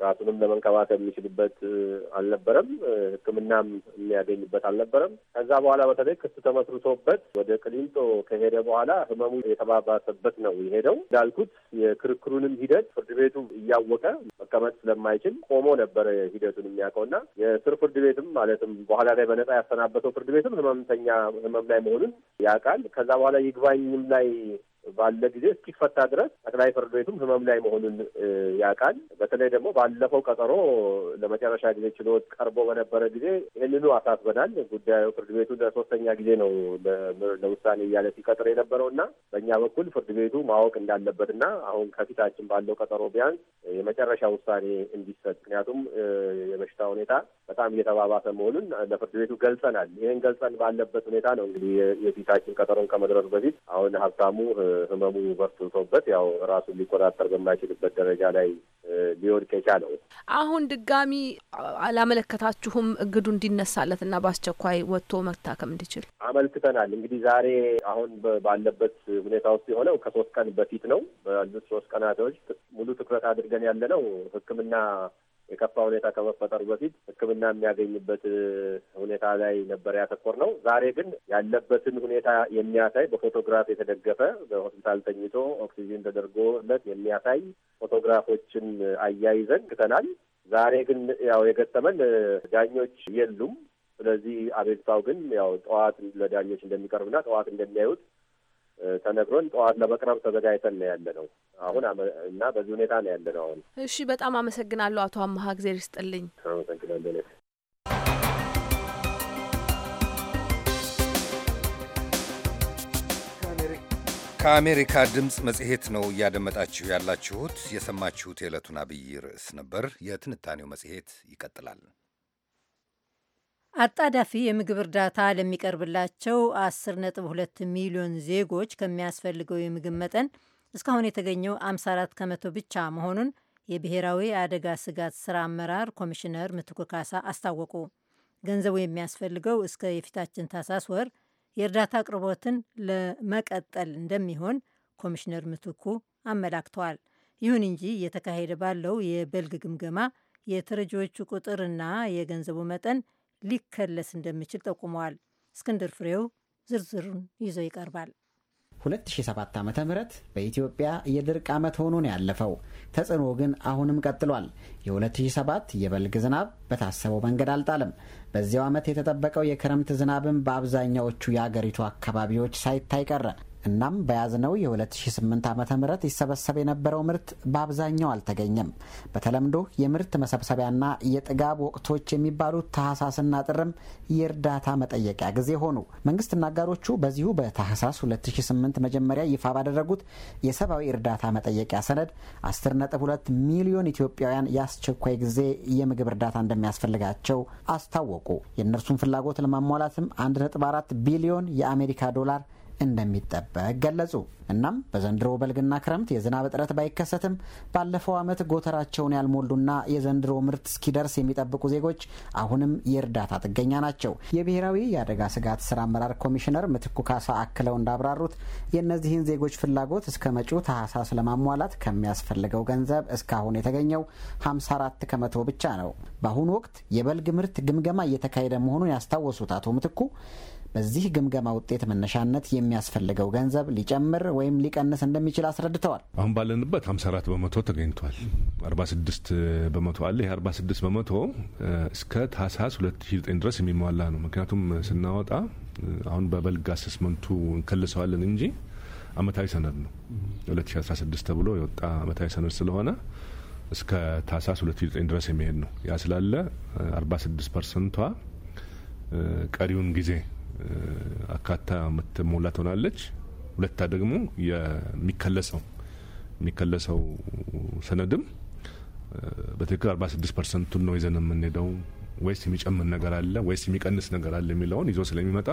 ራሱንም ለመንከባከብ የሚችልበት አልነበረም። ሕክምናም የሚያገኝበት አልነበረም። ከዛ በኋላ በተለይ ክስ ተመስርቶበት ወደ ቅሊንጦ ከሄደ በኋላ ህመሙ የተባባሰበት ነው የሄደው። እንዳልኩት የክርክሩንም ሂደት ፍርድ ቤቱ እያወቀ መቀመጥ ስለማይችል ቆሞ ነበረ ሂደቱን የሚያውቀውና የስር ፍርድ ቤትም ማለትም በኋላ ላይ በነጻ ያሰናበተው ፍርድ ቤትም ህመምተኛ ህመም ላይ መሆኑን ያውቃል። ከዛ በኋላ ይግባኝም ላይ ባለ ጊዜ እስኪፈታ ድረስ ጠቅላይ ፍርድ ቤቱም ህመም ላይ መሆኑን ያውቃል። በተለይ ደግሞ ባለፈው ቀጠሮ ለመጨረሻ ጊዜ ችሎት ቀርቦ በነበረ ጊዜ ይህንኑ አሳስበናል። ጉዳዩ ፍርድ ቤቱ ለሶስተኛ ጊዜ ነው ለውሳኔ እያለ ሲቀጥር የነበረው እና በእኛ በኩል ፍርድ ቤቱ ማወቅ እንዳለበት እና አሁን ከፊታችን ባለው ቀጠሮ ቢያንስ የመጨረሻ ውሳኔ እንዲሰጥ፣ ምክንያቱም የበሽታ ሁኔታ በጣም እየተባባሰ መሆኑን ለፍርድ ቤቱ ገልጸናል። ይህን ገልጸን ባለበት ሁኔታ ነው እንግዲህ የፊታችን ቀጠሮን ከመድረሱ በፊት አሁን ሀብታሙ ህመሙ በርትቶበት ያው ራሱን ሊቆጣጠር በማይችልበት ደረጃ ላይ ሊወድቅ የቻለው። አሁን ድጋሚ አላመለከታችሁም? እግዱ እንዲነሳለት እና በአስቸኳይ ወጥቶ መታከም እንዲችል አመልክተናል። እንግዲህ ዛሬ አሁን ባለበት ሁኔታ ውስጥ የሆነው ከሶስት ቀን በፊት ነው። ባሉት ሶስት ቀናቶች ሙሉ ትኩረት አድርገን ያለ ነው ህክምና የከፋ ሁኔታ ከመፈጠሩ በፊት ሕክምና የሚያገኝበት ሁኔታ ላይ ነበር ያተኮር ነው። ዛሬ ግን ያለበትን ሁኔታ የሚያሳይ በፎቶግራፍ የተደገፈ በሆስፒታል ተኝቶ ኦክሲጂን ተደርጎለት የሚያሳይ ፎቶግራፎችን አያይዘን ክተናል። ዛሬ ግን ያው የገጠመን ዳኞች የሉም። ስለዚህ አቤቱታው ግን ያው ጠዋት ለዳኞች እንደሚቀርብና ጠዋት እንደሚያዩት ተነግሮን ጠዋት ለመቅረብ ተዘጋጅተን ነው ያለ ነው አሁን እና በዚህ ሁኔታ ነው ያለ ነው አሁን። እሺ፣ በጣም አመሰግናለሁ አቶ አመሀ እግዜር ይስጥልኝ። ከአሜሪካ ድምፅ መጽሔት ነው እያደመጣችሁ ያላችሁት። የሰማችሁት የዕለቱን አብይ ርዕስ ነበር። የትንታኔው መጽሔት ይቀጥላል። አጣዳፊ የምግብ እርዳታ ለሚቀርብላቸው 10.2 ሚሊዮን ዜጎች ከሚያስፈልገው የምግብ መጠን እስካሁን የተገኘው 54 ከመቶ ብቻ መሆኑን የብሔራዊ አደጋ ስጋት ስራ አመራር ኮሚሽነር ምትኩ ካሳ አስታወቁ። ገንዘቡ የሚያስፈልገው እስከ የፊታችን ታሳስ ወር የእርዳታ አቅርቦትን ለመቀጠል እንደሚሆን ኮሚሽነር ምትኩ አመላክተዋል። ይሁን እንጂ እየተካሄደ ባለው የበልግ ግምገማ የተረጂዎቹ ቁጥርና የገንዘቡ መጠን ሊከለስ እንደሚችል ጠቁመዋል። እስክንድር ፍሬው ዝርዝሩን ይዞ ይቀርባል። 2007 ዓ ም በኢትዮጵያ የድርቅ ዓመት ሆኖ ነው ያለፈው። ተጽዕኖ ግን አሁንም ቀጥሏል። የ2007 የበልግ ዝናብ በታሰበው መንገድ አልጣለም። በዚያው ዓመት የተጠበቀው የክረምት ዝናብም በአብዛኛዎቹ የአገሪቱ አካባቢዎች ሳይታይ ቀረ። እናም በያዝነው የ2008 ዓ ም ይሰበሰብ የነበረው ምርት በአብዛኛው አልተገኘም። በተለምዶ የምርት መሰብሰቢያና የጥጋብ ወቅቶች የሚባሉት ታህሳስና ጥርም የእርዳታ መጠየቂያ ጊዜ ሆኑ። መንግስትና አጋሮቹ በዚሁ በታህሳስ 2008 መጀመሪያ ይፋ ባደረጉት የሰብአዊ እርዳታ መጠየቂያ ሰነድ 10.2 ሚሊዮን ኢትዮጵያውያን የአስቸኳይ ጊዜ የምግብ እርዳታ እንደሚያስፈልጋቸው አስታወቁ። የእነርሱን ፍላጎት ለማሟላትም 1.4 ቢሊዮን የአሜሪካ ዶላር እንደሚጠበቅ ገለጹ። እናም በዘንድሮ በልግና ክረምት የዝናብ እጥረት ባይከሰትም ባለፈው ዓመት ጎተራቸውን ያልሞሉና የዘንድሮ ምርት እስኪደርስ የሚጠብቁ ዜጎች አሁንም የእርዳታ ጥገኛ ናቸው። የብሔራዊ የአደጋ ስጋት ስራ አመራር ኮሚሽነር ምትኩ ካሳ አክለው እንዳብራሩት የእነዚህን ዜጎች ፍላጎት እስከ መጪው ታህሳስ ለማሟላት ከሚያስፈልገው ገንዘብ እስካሁን የተገኘው 54 ከመቶ ብቻ ነው። በአሁኑ ወቅት የበልግ ምርት ግምገማ እየተካሄደ መሆኑን ያስታወሱት አቶ ምትኩ በዚህ ግምገማ ውጤት መነሻነት የሚያስፈልገው ገንዘብ ሊጨምር ወይም ሊቀንስ እንደሚችል አስረድተዋል። አሁን ባለንበት 54 በመቶ ተገኝቷል። 46 በመቶ አለ። ይህ 46 በመቶ እስከ ታህሳስ 2009 ድረስ የሚሟላ ነው። ምክንያቱም ስናወጣ አሁን በበልግ አሰስመንቱ እንከልሰዋለን እንጂ አመታዊ ሰነድ ነው። 2016 ተብሎ የወጣ አመታዊ ሰነድ ስለሆነ እስከ ታህሳስ 2009 ድረስ የሚሄድ ነው። ያ ስላለ 46 ፐርሰንቷ ቀሪውን ጊዜ አካታ የምትሞላ ትሆናለች። ሁለታ ደግሞ የሚከለሰው የሚከለሰው ሰነድም በትክክል ስድስት ፐርሰንቱን ነው ይዘን የምንሄደው ወይስ የሚጨምር ነገር አለ ወይስ የሚቀንስ ነገር አለ የሚለውን ይዞ ስለሚመጣ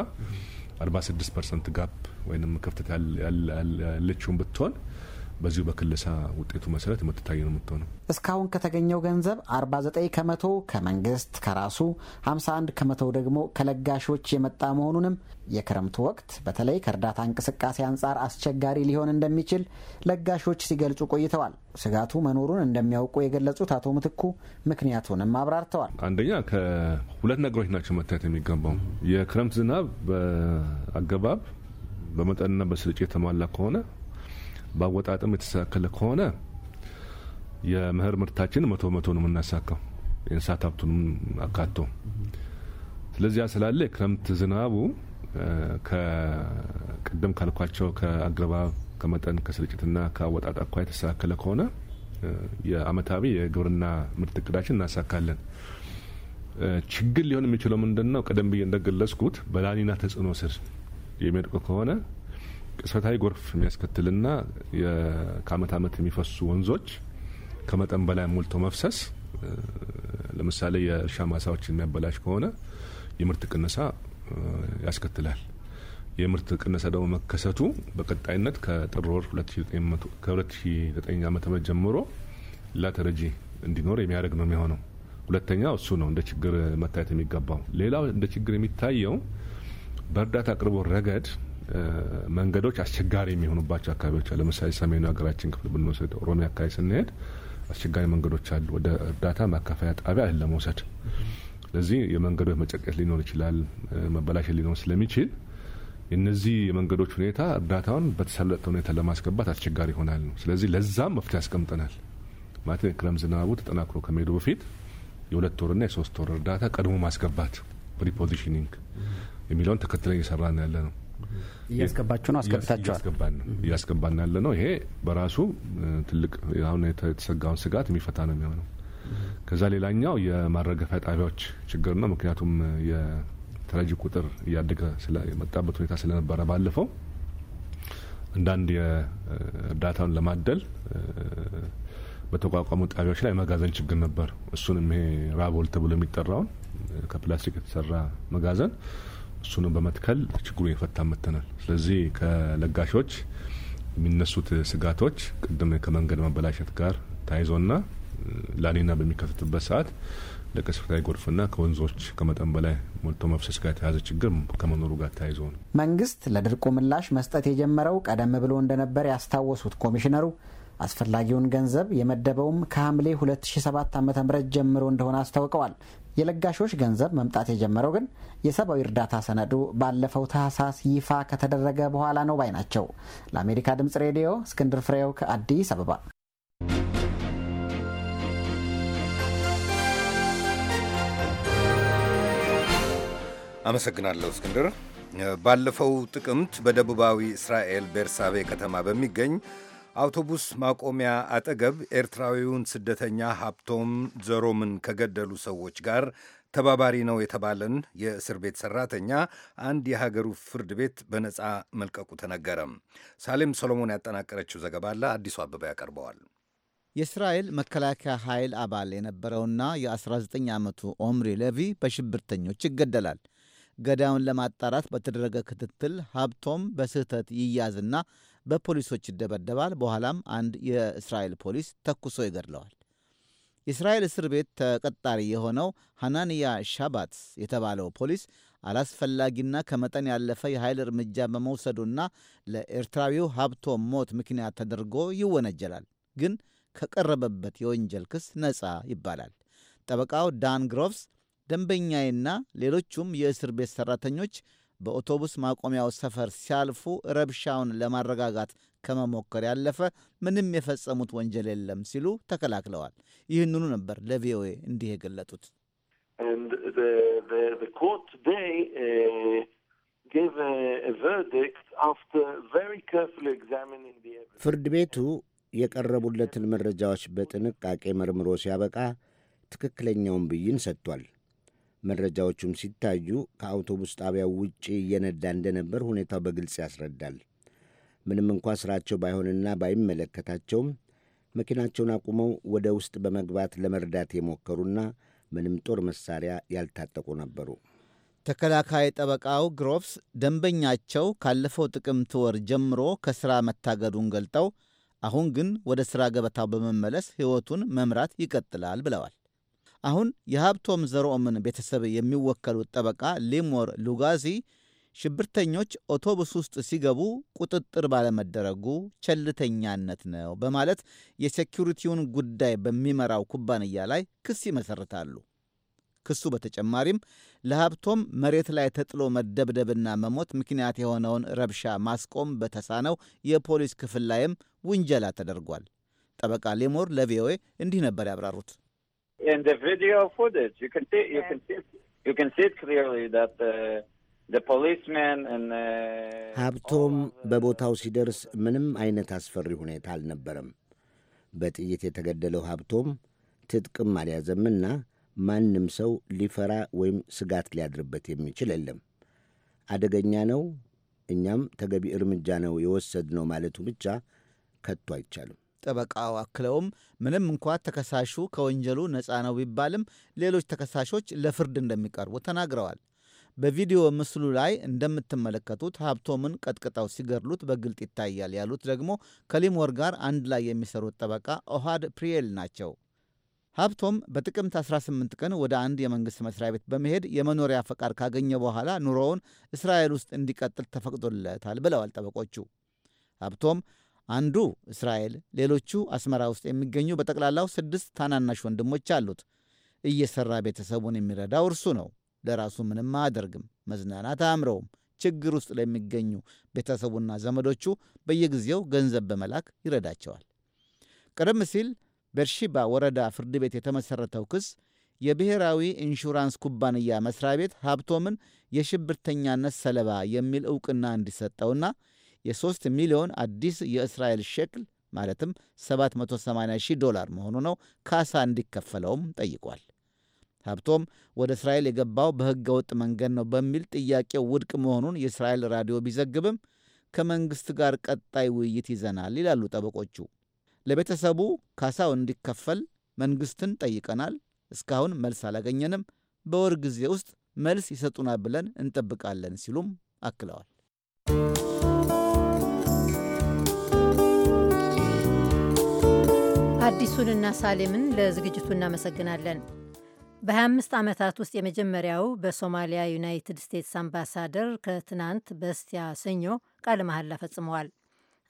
ስድስት ፐርሰንት ጋፕ ወይም ክፍተት ያለችውን ብትሆን በዚሁ በክልሳ ውጤቱ መሰረት የምትታይ ነው የምትሆነው። እስካሁን ከተገኘው ገንዘብ 49 ከመቶ ከመንግስት ከራሱ 51 ከመቶ ደግሞ ከለጋሾች የመጣ መሆኑንም የክረምቱ ወቅት በተለይ ከእርዳታ እንቅስቃሴ አንጻር አስቸጋሪ ሊሆን እንደሚችል ለጋሾች ሲገልጹ ቆይተዋል። ስጋቱ መኖሩን እንደሚያውቁ የገለጹት አቶ ምትኩ ምክንያቱንም አብራርተዋል። አንደኛ ከሁለት ነገሮች ናቸው መታየት የሚገባው የክረምት ዝናብ በአገባብ በመጠንና በስርጭት የተሟላ ከሆነ በአወጣጥም የተስተካከለ ከሆነ የምህር ምርታችን መቶ መቶ ነው የምናሳካው የእንስሳት ሀብቱንም አካቶ። ስለዚያ ስላለ የክረምት ዝናቡ ከቅድም ካልኳቸው ከአግረባብ ከመጠን ከስርጭትና ከአወጣጥ አኳ የተስተካከለ ከሆነ የአመታዊ የግብርና ምርት እቅዳችን እናሳካለን። ችግር ሊሆን የሚችለው ምንድን ነው? ቀደም ብዬ እንደገለጽኩት በላኒና ተጽዕኖ ስር የሚወድቅ ከሆነ እሳታዊ ጎርፍ የሚያስከትልና ከአመት አመት የሚፈሱ ወንዞች ከመጠን በላይ ሞልቶ መፍሰስ ለምሳሌ የእርሻ ማሳዎች የሚያበላሽ ከሆነ የምርት ቅነሳ ያስከትላል። የምርት ቅነሳ ደግሞ መከሰቱ በቀጣይነት ከጥር ወር 2009 ዓ ም ጀምሮ ላተረጂ እንዲኖር የሚያደርግ ነው የሚሆነው። ሁለተኛው እሱ ነው እንደ ችግር መታየት የሚገባው። ሌላው እንደ ችግር የሚታየው በእርዳታ አቅርቦ ረገድ መንገዶች አስቸጋሪ የሚሆኑባቸው አካባቢዎች አሉ። ለምሳሌ ሰሜኑ ሀገራችን ክፍል ብንወስድ ኦሮሚያ አካባቢ ስንሄድ አስቸጋሪ መንገዶች አሉ። ወደ እርዳታ ማካፈያ ጣቢያ አለ መውሰድ። ስለዚህ የመንገዶች መጨቀት ሊኖር ይችላል፣ መበላሸት ሊኖር ስለሚችል የነዚህ የመንገዶች ሁኔታ እርዳታውን በተሰለጠ ሁኔታ ለማስገባት አስቸጋሪ ይሆናል ነው። ስለዚህ ለዛም መፍትሄ ያስቀምጠናል ማለት የክረምት ዝናቡ ተጠናክሮ ከመሄዱ በፊት የሁለት ወርና የሶስት ወር እርዳታ ቀድሞ ማስገባት ፕሪፖዚሽኒንግ የሚለውን ተከትለን እየሰራን ያለ ነው። እያስገባችሁ ነው? አስገብታችኋል? እያስገባን ያለ ነው። ይሄ በራሱ ትልቅ አሁን የተሰጋውን ስጋት የሚፈታ ነው የሚሆነው። ከዛ ሌላኛው የማረገፊያ ጣቢያዎች ችግር ነው። ምክንያቱም የተረጂ ቁጥር እያደገ የመጣበት ሁኔታ ስለነበረ ባለፈው አንዳንድ የእርዳታውን ለማደል በተቋቋሙ ጣቢያዎች ላይ መጋዘን ችግር ነበር። እሱንም ይሄ ራቦል ተብሎ የሚጠራውን ከፕላስቲክ የተሰራ መጋዘን እሱንም በመትከል ችግሩን የፈታ መተናል። ስለዚህ ከለጋሾች የሚነሱት ስጋቶች ቅድም ከመንገድ መበላሸት ጋር ተያይዞና ላኒና በሚከሰትበት ሰዓት ለከስፍታዊ ጎርፍና ከወንዞች ከመጠን በላይ ሞልቶ መፍሰስ ጋር የተያዘ ችግር ከመኖሩ ጋር ተያይዞ ነው። መንግስት ለድርቁ ምላሽ መስጠት የጀመረው ቀደም ብሎ እንደነበር ያስታወሱት ኮሚሽነሩ አስፈላጊውን ገንዘብ የመደበውም ከሐምሌ 2007 ዓ ም ጀምሮ እንደሆነ አስታውቀዋል። የለጋሾች ገንዘብ መምጣት የጀመረው ግን የሰብአዊ እርዳታ ሰነዱ ባለፈው ታህሳስ ይፋ ከተደረገ በኋላ ነው ባይ ናቸው። ለአሜሪካ ድምፅ ሬዲዮ እስክንድር ፍሬው ከአዲስ አበባ። አመሰግናለሁ እስክንድር። ባለፈው ጥቅምት በደቡባዊ እስራኤል ቤርሳቤ ከተማ በሚገኝ አውቶቡስ ማቆሚያ አጠገብ ኤርትራዊውን ስደተኛ ሀብቶም ዘሮምን ከገደሉ ሰዎች ጋር ተባባሪ ነው የተባለን የእስር ቤት ሰራተኛ አንድ የሀገሩ ፍርድ ቤት በነፃ መልቀቁ ተነገረም። ሳሌም ሰሎሞን ያጠናቀረችው ዘገባ አለ አዲሱ አበባ ያቀርበዋል። የእስራኤል መከላከያ ኃይል አባል የነበረውና የ19 ዓመቱ ኦምሪ ለቪ በሽብርተኞች ይገደላል። ገዳዩን ለማጣራት በተደረገ ክትትል ሀብቶም በስህተት ይያዝና በፖሊሶች ይደበደባል። በኋላም አንድ የእስራኤል ፖሊስ ተኩሶ ይገድለዋል። የእስራኤል እስር ቤት ተቀጣሪ የሆነው ሐናንያ ሻባት የተባለው ፖሊስ አላስፈላጊና ከመጠን ያለፈ የኃይል እርምጃ በመውሰዱና ለኤርትራዊው ሀብቶ ሞት ምክንያት ተደርጎ ይወነጀላል። ግን ከቀረበበት የወንጀል ክስ ነፃ ይባላል። ጠበቃው ዳን ግሮቭስ ደንበኛዬና ሌሎቹም የእስር ቤት ሠራተኞች በአውቶቡስ ማቆሚያው ሰፈር ሲያልፉ ረብሻውን ለማረጋጋት ከመሞከር ያለፈ ምንም የፈጸሙት ወንጀል የለም ሲሉ ተከላክለዋል። ይህንኑ ነበር ለቪኦኤ እንዲህ የገለጡት። uh, ፍርድ ቤቱ የቀረቡለትን መረጃዎች በጥንቃቄ መርምሮ ሲያበቃ ትክክለኛውን ብይን ሰጥቷል። መረጃዎቹም ሲታዩ ከአውቶቡስ ጣቢያው ውጪ እየነዳ እንደነበር ሁኔታው በግልጽ ያስረዳል። ምንም እንኳ ስራቸው ባይሆንና ባይመለከታቸውም መኪናቸውን አቁመው ወደ ውስጥ በመግባት ለመርዳት የሞከሩና ምንም ጦር መሳሪያ ያልታጠቁ ነበሩ። ተከላካይ ጠበቃው ግሮፍስ ደንበኛቸው ካለፈው ጥቅምት ወር ጀምሮ ከሥራ መታገዱን ገልጠው አሁን ግን ወደ ሥራ ገበታው በመመለስ ሕይወቱን መምራት ይቀጥላል ብለዋል። አሁን የሀብቶም ዘርኦምን ቤተሰብ የሚወከሉት ጠበቃ ሊሞር ሉጋዚ ሽብርተኞች አውቶቡስ ውስጥ ሲገቡ ቁጥጥር ባለመደረጉ ቸልተኛነት ነው በማለት የሴኪሪቲውን ጉዳይ በሚመራው ኩባንያ ላይ ክስ ይመሰርታሉ። ክሱ በተጨማሪም ለሀብቶም መሬት ላይ ተጥሎ መደብደብና መሞት ምክንያት የሆነውን ረብሻ ማስቆም በተሳነው የፖሊስ ክፍል ላይም ውንጀላ ተደርጓል። ጠበቃ ሌሞር ለቪኦኤ እንዲህ ነበር ያብራሩት። In the video footage, you can see yeah. you can see you can see it clearly that the the policeman and ሀብቶም በቦታው ሲደርስ ምንም አይነት አስፈሪ ሁኔታ አልነበረም። በጥይት የተገደለው ሀብቶም ትጥቅም አልያዘምና ማንም ሰው ሊፈራ ወይም ስጋት ሊያድርበት የሚችል የለም። አደገኛ ነው፣ እኛም ተገቢ እርምጃ ነው የወሰድነው ማለቱ ብቻ ከቶ አይቻልም። ጠበቃው አክለውም ምንም እንኳ ተከሳሹ ከወንጀሉ ነፃ ነው ቢባልም ሌሎች ተከሳሾች ለፍርድ እንደሚቀርቡ ተናግረዋል። በቪዲዮ ምስሉ ላይ እንደምትመለከቱት ሀብቶምን ቀጥቅጠው ሲገድሉት በግልጥ ይታያል ያሉት ደግሞ ከሊሞር ጋር አንድ ላይ የሚሰሩት ጠበቃ ኦሃድ ፕሪየል ናቸው። ሀብቶም በጥቅምት 18 ቀን ወደ አንድ የመንግሥት መስሪያ ቤት በመሄድ የመኖሪያ ፈቃድ ካገኘ በኋላ ኑሮውን እስራኤል ውስጥ እንዲቀጥል ተፈቅዶለታል ብለዋል ጠበቆቹ። ሀብቶም አንዱ እስራኤል፣ ሌሎቹ አስመራ ውስጥ የሚገኙ በጠቅላላው ስድስት ታናናሽ ወንድሞች አሉት። እየሠራ ቤተሰቡን የሚረዳው እርሱ ነው። ለራሱ ምንም አያደርግም። መዝናናት አያምረውም። ችግር ውስጥ ለሚገኙ ቤተሰቡና ዘመዶቹ በየጊዜው ገንዘብ በመላክ ይረዳቸዋል። ቀደም ሲል በርሺባ ወረዳ ፍርድ ቤት የተመሠረተው ክስ የብሔራዊ ኢንሹራንስ ኩባንያ መሥሪያ ቤት ሀብቶምን የሽብርተኛነት ሰለባ የሚል ዕውቅና እንዲሰጠውና የሶስት ሚሊዮን አዲስ የእስራኤል ሸክል ማለትም 780 ሺህ ዶላር መሆኑ ነው ካሳ እንዲከፈለውም ጠይቋል። ሀብቶም ወደ እስራኤል የገባው በሕገ ወጥ መንገድ ነው በሚል ጥያቄው ውድቅ መሆኑን የእስራኤል ራዲዮ ቢዘግብም ከመንግሥት ጋር ቀጣይ ውይይት ይዘናል ይላሉ ጠበቆቹ። ለቤተሰቡ ካሳው እንዲከፈል መንግሥትን ጠይቀናል። እስካሁን መልስ አላገኘንም። በወር ጊዜ ውስጥ መልስ ይሰጡናል ብለን እንጠብቃለን ሲሉም አክለዋል። አዲሱንና ሳሌምን ለዝግጅቱ እናመሰግናለን። በ25 ዓመታት ውስጥ የመጀመሪያው በሶማሊያ ዩናይትድ ስቴትስ አምባሳደር ከትናንት በስቲያ ሰኞ ቃለ መሐላ ፈጽመዋል።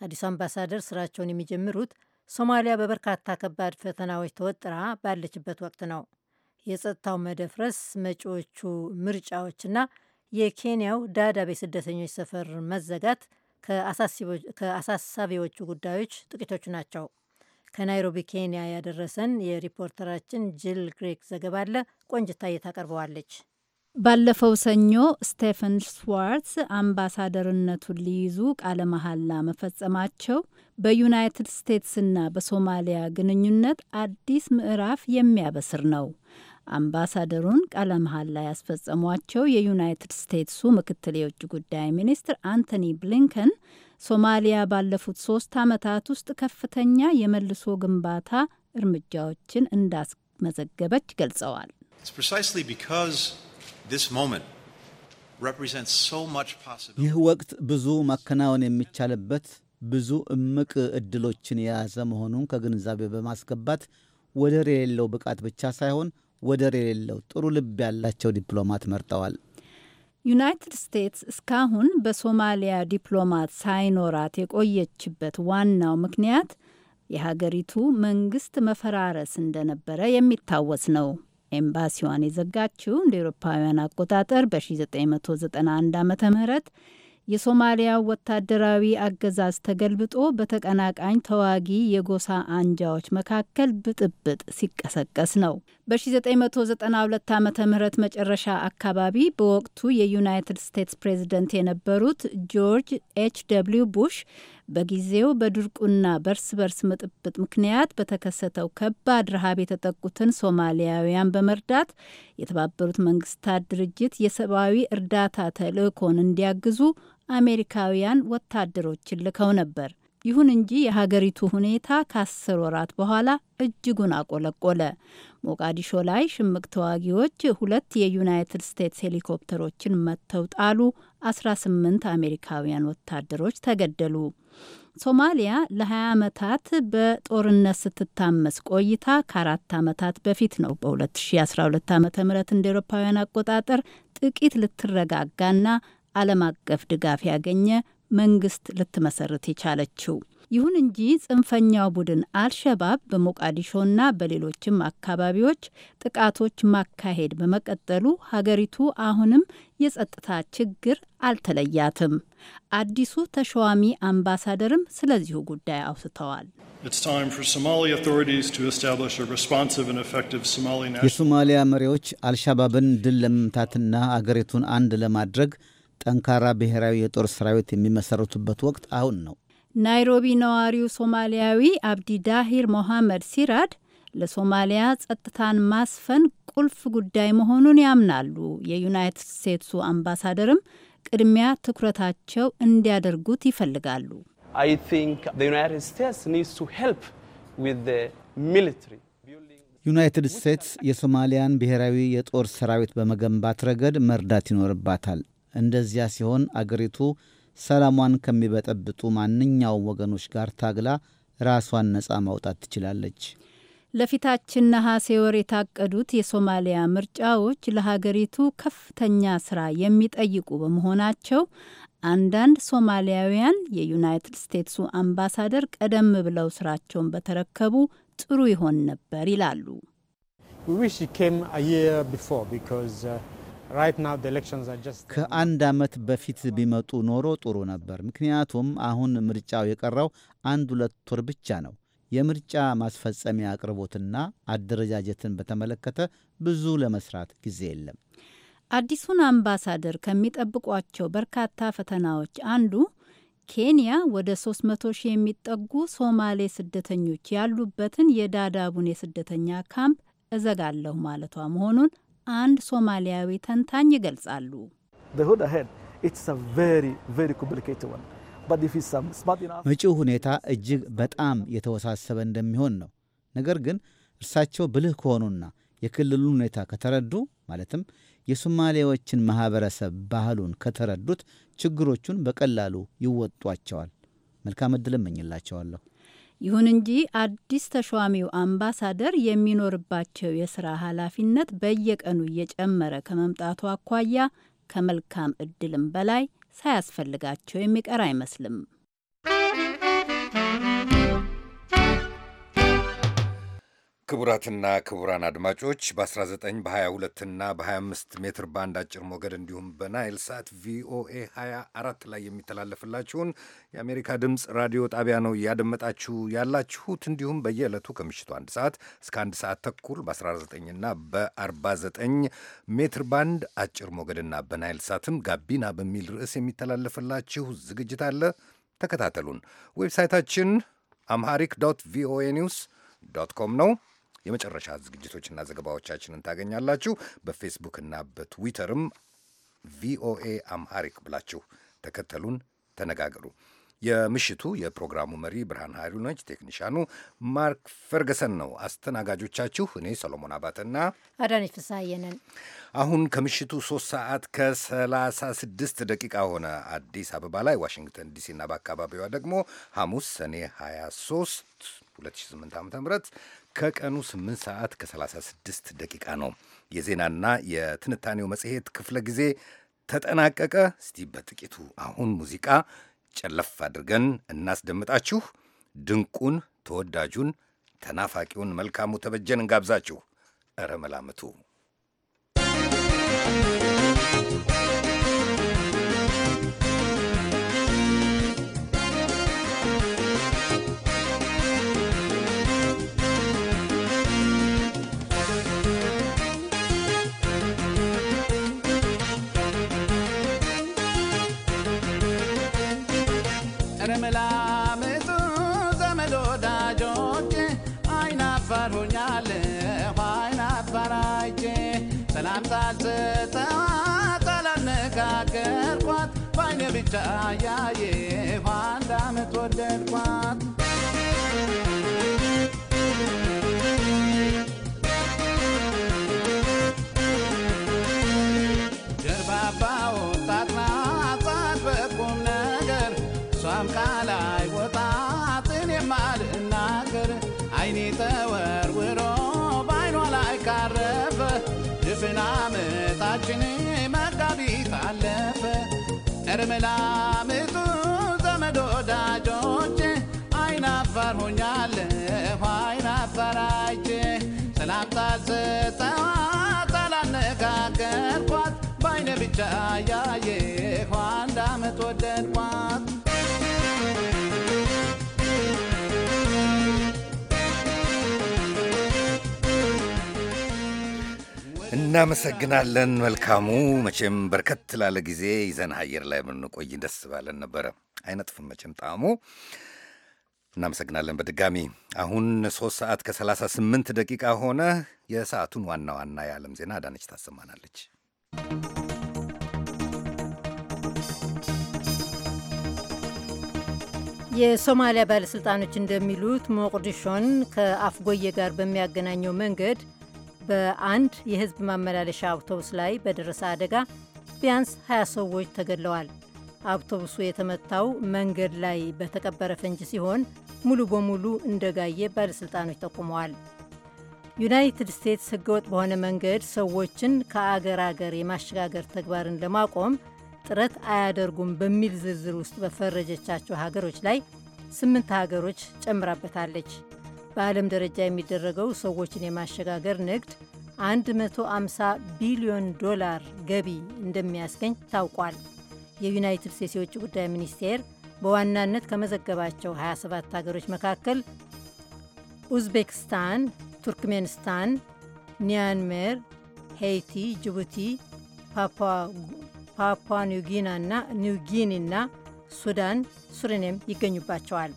አዲሱ አምባሳደር ስራቸውን የሚጀምሩት ሶማሊያ በበርካታ ከባድ ፈተናዎች ተወጥራ ባለችበት ወቅት ነው። የጸጥታው መደፍረስ፣ መጪዎቹ ምርጫዎችና የኬንያው ዳዳቤ ስደተኞች ሰፈር መዘጋት ከአሳሳቢዎቹ ጉዳዮች ጥቂቶቹ ናቸው። ከናይሮቢ ኬንያ ያደረሰን የሪፖርተራችን ጅል ግሬክ ዘገባ አለ። ቆንጅታዬ ታቀርበዋለች። ባለፈው ሰኞ ስቴፈን ስዋርትስ አምባሳደርነቱን ሊይዙ ቃለ መሐላ መፈጸማቸው በዩናይትድ ስቴትስና በሶማሊያ ግንኙነት አዲስ ምዕራፍ የሚያበስር ነው። አምባሳደሩን ቃለ መሐላ ያስፈጸሟቸው የዩናይትድ ስቴትሱ ምክትል የውጭ ጉዳይ ሚኒስትር አንቶኒ ብሊንከን ሶማሊያ ባለፉት ሶስት ዓመታት ውስጥ ከፍተኛ የመልሶ ግንባታ እርምጃዎችን እንዳስመዘገበች ገልጸዋል። ይህ ወቅት ብዙ ማከናወን የሚቻልበት ብዙ እምቅ እድሎችን የያዘ መሆኑን ከግንዛቤ በማስገባት ወደር የሌለው ብቃት ብቻ ሳይሆን ወደር የሌለው ጥሩ ልብ ያላቸው ዲፕሎማት መርጠዋል። ዩናይትድ ስቴትስ እስካሁን በሶማሊያ ዲፕሎማት ሳይኖራት የቆየችበት ዋናው ምክንያት የሀገሪቱ መንግስት መፈራረስ እንደነበረ የሚታወስ ነው። ኤምባሲዋን የዘጋችው እንደ ኤሮፓውያን አቆጣጠር በ1991 ዓ ም የሶማሊያ ወታደራዊ አገዛዝ ተገልብጦ በተቀናቃኝ ተዋጊ የጎሳ አንጃዎች መካከል ብጥብጥ ሲቀሰቀስ ነው። በ1992 ዓ ም መጨረሻ አካባቢ በወቅቱ የዩናይትድ ስቴትስ ፕሬዝደንት የነበሩት ጆርጅ ኤች ደብሊው ቡሽ በጊዜው በድርቁና በርስ በርስ ምጥብጥ ምክንያት በተከሰተው ከባድ ረሃብ የተጠቁትን ሶማሊያውያን በመርዳት የተባበሩት መንግስታት ድርጅት የሰብአዊ እርዳታ ተልእኮን እንዲያግዙ አሜሪካውያን ወታደሮችን ልከው ነበር። ይሁን እንጂ የሀገሪቱ ሁኔታ ከአስር ወራት በኋላ እጅጉን አቆለቆለ። ሞቃዲሾ ላይ ሽምቅ ተዋጊዎች ሁለት የዩናይትድ ስቴትስ ሄሊኮፕተሮችን መጥተው ጣሉ። 18 አሜሪካውያን ወታደሮች ተገደሉ። ሶማሊያ ለ20 ዓመታት በጦርነት ስትታመስ ቆይታ ከአራት ዓመታት በፊት ነው በ2012 ዓ ም እንደ ኤሮፓውያን አቆጣጠር ጥቂት ልትረጋጋና ዓለም አቀፍ ድጋፍ ያገኘ መንግስት ልትመሰርት የቻለችው። ይሁን እንጂ ጽንፈኛው ቡድን አልሸባብ በሞቃዲሾና በሌሎችም አካባቢዎች ጥቃቶች ማካሄድ በመቀጠሉ ሀገሪቱ አሁንም የጸጥታ ችግር አልተለያትም። አዲሱ ተሿሚ አምባሳደርም ስለዚሁ ጉዳይ አውስተዋል። የሶማሊያ መሪዎች አልሻባብን ድል ለመምታትና አገሪቱን አንድ ለማድረግ ጠንካራ ብሔራዊ የጦር ሰራዊት የሚመሰረቱበት ወቅት አሁን ነው። ናይሮቢ ነዋሪው ሶማሊያዊ አብዲ ዳሂር ሞሐመድ ሲራድ ለሶማሊያ ጸጥታን ማስፈን ቁልፍ ጉዳይ መሆኑን ያምናሉ። የዩናይትድ ስቴትሱ አምባሳደርም ቅድሚያ ትኩረታቸው እንዲያደርጉት ይፈልጋሉ። ዩናይትድ ስቴትስ የሶማሊያን ብሔራዊ የጦር ሰራዊት በመገንባት ረገድ መርዳት ይኖርባታል። እንደዚያ ሲሆን አገሪቱ ሰላሟን ከሚበጠብጡ ማንኛውም ወገኖች ጋር ታግላ ራሷን ነጻ ማውጣት ትችላለች። ለፊታችን ነሐሴ ወር የታቀዱት የሶማሊያ ምርጫዎች ለሀገሪቱ ከፍተኛ ስራ የሚጠይቁ በመሆናቸው አንዳንድ ሶማሊያውያን የዩናይትድ ስቴትሱ አምባሳደር ቀደም ብለው ስራቸውን በተረከቡ ጥሩ ይሆን ነበር ይላሉ። ከአንድ ዓመት በፊት ቢመጡ ኖሮ ጥሩ ነበር። ምክንያቱም አሁን ምርጫው የቀረው አንድ ሁለት ወር ብቻ ነው። የምርጫ ማስፈጸሚያ አቅርቦትና አደረጃጀትን በተመለከተ ብዙ ለመስራት ጊዜ የለም። አዲሱን አምባሳደር ከሚጠብቋቸው በርካታ ፈተናዎች አንዱ ኬንያ ወደ 300 ሺህ የሚጠጉ ሶማሌ ስደተኞች ያሉበትን የዳዳቡን የስደተኛ ካምፕ እዘጋለሁ ማለቷ መሆኑን አንድ ሶማሊያዊ ተንታኝ ይገልጻሉ። um, መጪው ሁኔታ እጅግ በጣም የተወሳሰበ እንደሚሆን ነው። ነገር ግን እርሳቸው ብልህ ከሆኑና የክልሉን ሁኔታ ከተረዱ ማለትም የሶማሌዎችን ማኅበረሰብ ባህሉን ከተረዱት ችግሮቹን በቀላሉ ይወጧቸዋል። መልካም ዕድል እመኝላቸዋለሁ። ይሁን እንጂ አዲስ ተሿሚው አምባሳደር የሚኖርባቸው የስራ ኃላፊነት በየቀኑ እየጨመረ ከመምጣቱ አኳያ ከመልካም እድልም በላይ ሳያስፈልጋቸው የሚቀር አይመስልም። ክቡራትና ክቡራን አድማጮች በ19 በ22 እና በ25 ሜትር ባንድ አጭር ሞገድ እንዲሁም በናይል ሳት ቪኦኤ 24 ላይ የሚተላለፍላችሁን የአሜሪካ ድምፅ ራዲዮ ጣቢያ ነው እያደመጣችሁ ያላችሁት። እንዲሁም በየዕለቱ ከምሽቱ አንድ ሰዓት እስከ አንድ ሰዓት ተኩል በ19 እና በ49 ሜትር ባንድ አጭር ሞገድና በናይል ሳትም ጋቢና በሚል ርዕስ የሚተላለፍላችሁ ዝግጅት አለ። ተከታተሉን። ዌብሳይታችን አምሃሪክ ዶት ቪኦኤ ኒውስ ዶት ኮም ነው። የመጨረሻ ዝግጅቶችና ዘገባዎቻችንን ታገኛላችሁ። በፌስቡክና በትዊተርም ቪኦኤ አምሃሪክ ብላችሁ ተከተሉን፣ ተነጋገሩ። የምሽቱ የፕሮግራሙ መሪ ብርሃን ኃይሉ ነች። ቴክኒሻኑ ማርክ ፈርገሰን ነው። አስተናጋጆቻችሁ እኔ ሰሎሞን አባተና አዳነች ፍስሐዬ ነን። አሁን ከምሽቱ ሶስት ሰዓት ከሰላሳ ስድስት ደቂቃ ሆነ አዲስ አበባ ላይ። ዋሽንግተን ዲሲና በአካባቢዋ ደግሞ ሐሙስ ሰኔ 23 2008 ዓ ም ከቀኑ 8 ሰዓት ከ36 ደቂቃ ነው። የዜናና የትንታኔው መጽሔት ክፍለ ጊዜ ተጠናቀቀ። እስቲ በጥቂቱ አሁን ሙዚቃ ጨለፍ አድርገን እናስደምጣችሁ። ድንቁን ተወዳጁን ተናፋቂውን መልካሙ ተበጀን እንጋብዛችሁ። እረ መላምቱ ረመላምጡ ዘመድ ወዳጆቼ አይናፋር ሆኛለሁ አይናፋራቼ ሰላምታ ስጠዋት አላነጋገርኳት ባይኔ ብቻ ያየ አንድ አመት ወደድኳት አረፈ። ድፍን ዓመታችን መጋቢት አለፈ። እርምላምጡ ዘመድ ወዳጆች አይናፋር ሆኛለሁ አይናፋራች ሰላምታ ሰጠኋት አላነጋገርኳት በአይነ ብቻ ያየሁ አንድ አመት ወደድኳት። እናመሰግናለን መልካሙ። መቼም በርከት ላለ ጊዜ ይዘን አየር ላይ ብንቆይ ደስ ባለን ነበረ። አይነጥፍም መቼም ጣዕሙ። እናመሰግናለን በድጋሚ። አሁን ሶስት ሰዓት ከ38 ደቂቃ ሆነ። የሰዓቱን ዋና ዋና የዓለም ዜና አዳነች ታሰማናለች። የሶማሊያ ባለሥልጣኖች እንደሚሉት ሞቅዲሾን ከአፍጎዬ ጋር በሚያገናኘው መንገድ በአንድ የህዝብ ማመላለሻ አውቶቡስ ላይ በደረሰ አደጋ ቢያንስ 20 ሰዎች ተገድለዋል። አውቶቡሱ የተመታው መንገድ ላይ በተቀበረ ፈንጂ ሲሆን ሙሉ በሙሉ እንደጋየ ባለሥልጣኖች ጠቁመዋል። ዩናይትድ ስቴትስ ህገወጥ በሆነ መንገድ ሰዎችን ከአገር አገር የማሸጋገር ተግባርን ለማቆም ጥረት አያደርጉም በሚል ዝርዝር ውስጥ በፈረጀቻቸው ሀገሮች ላይ ስምንት ሀገሮች ጨምራበታለች። በዓለም ደረጃ የሚደረገው ሰዎችን የማሸጋገር ንግድ 150 ቢሊዮን ዶላር ገቢ እንደሚያስገኝ ታውቋል። የዩናይትድ ስቴትስ የውጭ ጉዳይ ሚኒስቴር በዋናነት ከመዘገባቸው 27 ሀገሮች መካከል ኡዝቤክስታን፣ ቱርክሜንስታን፣ ኒያንሜር፣ ሄይቲ፣ ጅቡቲ፣ ፓፑዋ እና ሱዳን፣ ሱሪኔም ይገኙባቸዋል።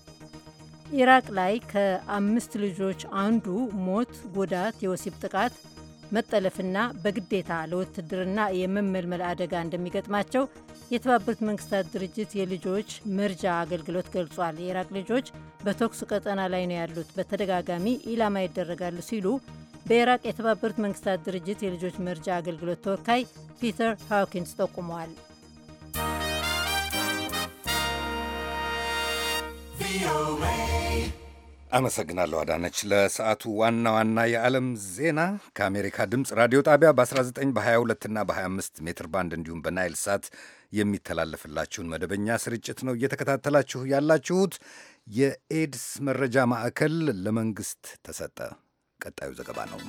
ኢራቅ ላይ ከአምስት ልጆች አንዱ ሞት፣ ጉዳት፣ የወሲብ ጥቃት፣ መጠለፍና በግዴታ ለውትድርና የመመልመል አደጋ እንደሚገጥማቸው የተባበሩት መንግስታት ድርጅት የልጆች መርጃ አገልግሎት ገልጿል። የኢራቅ ልጆች በተኩስ ቀጠና ላይ ነው ያሉት፣ በተደጋጋሚ ኢላማ ይደረጋሉ ሲሉ በኢራቅ የተባበሩት መንግስታት ድርጅት የልጆች መርጃ አገልግሎት ተወካይ ፒተር ሃውኪንስ ጠቁመዋል። ቪኦኤ አመሰግናለሁ አዳነች። ለሰዓቱ ዋና ዋና የዓለም ዜና ከአሜሪካ ድምፅ ራዲዮ ጣቢያ በ19 በ22 እና በ25 ሜትር ባንድ እንዲሁም በናይል ሳት የሚተላለፍላችሁን መደበኛ ስርጭት ነው እየተከታተላችሁ ያላችሁት። የኤድስ መረጃ ማዕከል ለመንግሥት ተሰጠ። ቀጣዩ ዘገባ ነው።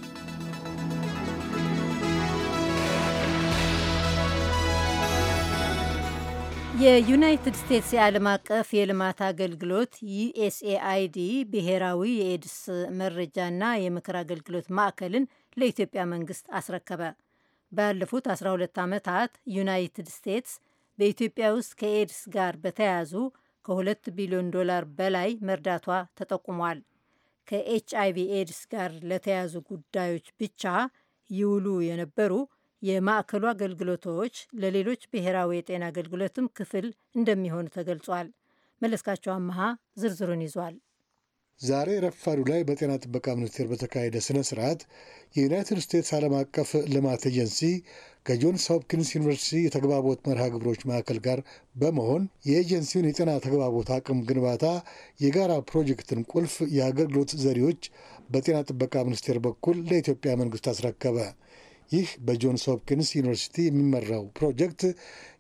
የዩናይትድ ስቴትስ የዓለም አቀፍ የልማት አገልግሎት ዩኤስኤአይዲ ብሔራዊ የኤድስ መረጃና የምክር አገልግሎት ማዕከልን ለኢትዮጵያ መንግስት አስረከበ። ባለፉት 12 ዓመታት ዩናይትድ ስቴትስ በኢትዮጵያ ውስጥ ከኤድስ ጋር በተያያዙ ከ ከ2 ቢሊዮን ዶላር በላይ መርዳቷ ተጠቁሟል። ከኤችአይቪ ኤድስ ጋር ለተያዙ ጉዳዮች ብቻ ይውሉ የነበሩ የማዕከሉ አገልግሎቶች ለሌሎች ብሔራዊ የጤና አገልግሎትም ክፍል እንደሚሆኑ ተገልጿል። መለስካቸው አመሃ ዝርዝሩን ይዟል። ዛሬ ረፋዱ ላይ በጤና ጥበቃ ሚኒስቴር በተካሄደ ስነ ስርዓት የዩናይትድ ስቴትስ ዓለም አቀፍ ልማት ኤጀንሲ ከጆንስ ሆፕኪንስ ዩኒቨርሲቲ የተግባቦት መርሃ ግብሮች ማዕከል ጋር በመሆን የኤጀንሲውን የጤና ተግባቦት አቅም ግንባታ የጋራ ፕሮጀክትን ቁልፍ የአገልግሎት ዘዴዎች በጤና ጥበቃ ሚኒስቴር በኩል ለኢትዮጵያ መንግስት አስረከበ። ይህ በጆንስ ሆፕኪንስ ዩኒቨርሲቲ የሚመራው ፕሮጀክት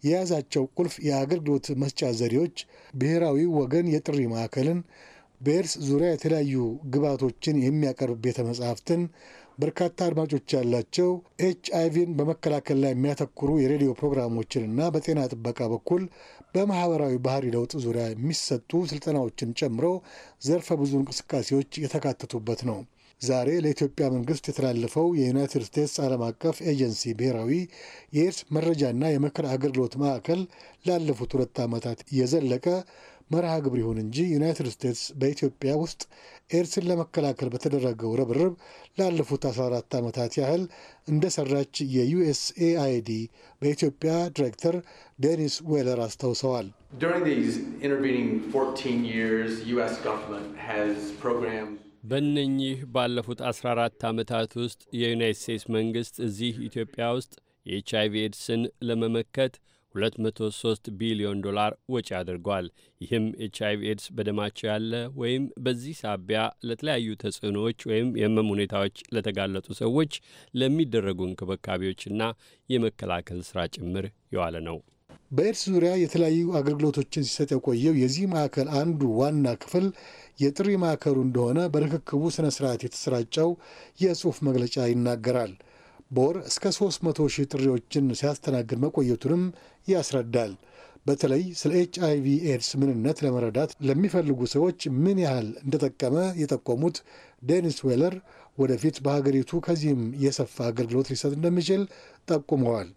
የያዛቸው ቁልፍ የአገልግሎት መስጫ ዘዴዎች ብሔራዊ ወገን የጥሪ ማዕከልን፣ በኤድስ ዙሪያ የተለያዩ ግብዓቶችን የሚያቀርብ ቤተ መጻሕፍትን፣ በርካታ አድማጮች ያላቸው ኤች አይቪን በመከላከል ላይ የሚያተኩሩ የሬዲዮ ፕሮግራሞችንና በጤና ጥበቃ በኩል በማህበራዊ ባህሪ ለውጥ ዙሪያ የሚሰጡ ስልጠናዎችን ጨምሮ ዘርፈ ብዙ እንቅስቃሴዎች የተካተቱበት ነው። ዛሬ ለኢትዮጵያ መንግስት የተላለፈው የዩናይትድ ስቴትስ ዓለም አቀፍ ኤጀንሲ ብሔራዊ የኤድስ መረጃና የምክር አገልግሎት ማዕከል ላለፉት ሁለት ዓመታት የዘለቀ መርሃ ግብር ይሁን እንጂ ዩናይትድ ስቴትስ በኢትዮጵያ ውስጥ ኤድስን ለመከላከል በተደረገው ርብርብ ላለፉት 14 ዓመታት ያህል እንደሰራች የዩኤስ ኤአይዲ በኢትዮጵያ ዲሬክተር ዴኒስ ዌለር አስታውሰዋል። 14 በእነኚህ ባለፉት 14 ዓመታት ውስጥ የዩናይት ስቴትስ መንግሥት እዚህ ኢትዮጵያ ውስጥ የኤች አይቪ ኤድስን ለመመከት 203 ቢሊዮን ዶላር ወጪ አድርጓል። ይህም ኤች አይቪ ኤድስ በደማቸው ያለ ወይም በዚህ ሳቢያ ለተለያዩ ተጽዕኖዎች ወይም የህመም ሁኔታዎች ለተጋለጡ ሰዎች ለሚደረጉ እንክብካቤዎችና የመከላከል ሥራ ጭምር የዋለ ነው። በኤድስ ዙሪያ የተለያዩ አገልግሎቶችን ሲሰጥ የቆየው የዚህ ማዕከል አንዱ ዋና ክፍል የጥሪ ማዕከሉ እንደሆነ በርክክቡ ስነ ስርዓት የተሰራጨው የጽሑፍ መግለጫ ይናገራል። በወር እስከ 300 ሺህ ጥሪዎችን ሲያስተናግድ መቆየቱንም ያስረዳል። በተለይ ስለ ኤች አይቪ ኤድስ ምንነት ለመረዳት ለሚፈልጉ ሰዎች ምን ያህል እንደጠቀመ የጠቆሙት ዴኒስ ዌለር ወደፊት በሀገሪቱ ከዚህም የሰፋ አገልግሎት ሊሰጥ እንደሚችል ጠቁመዋል።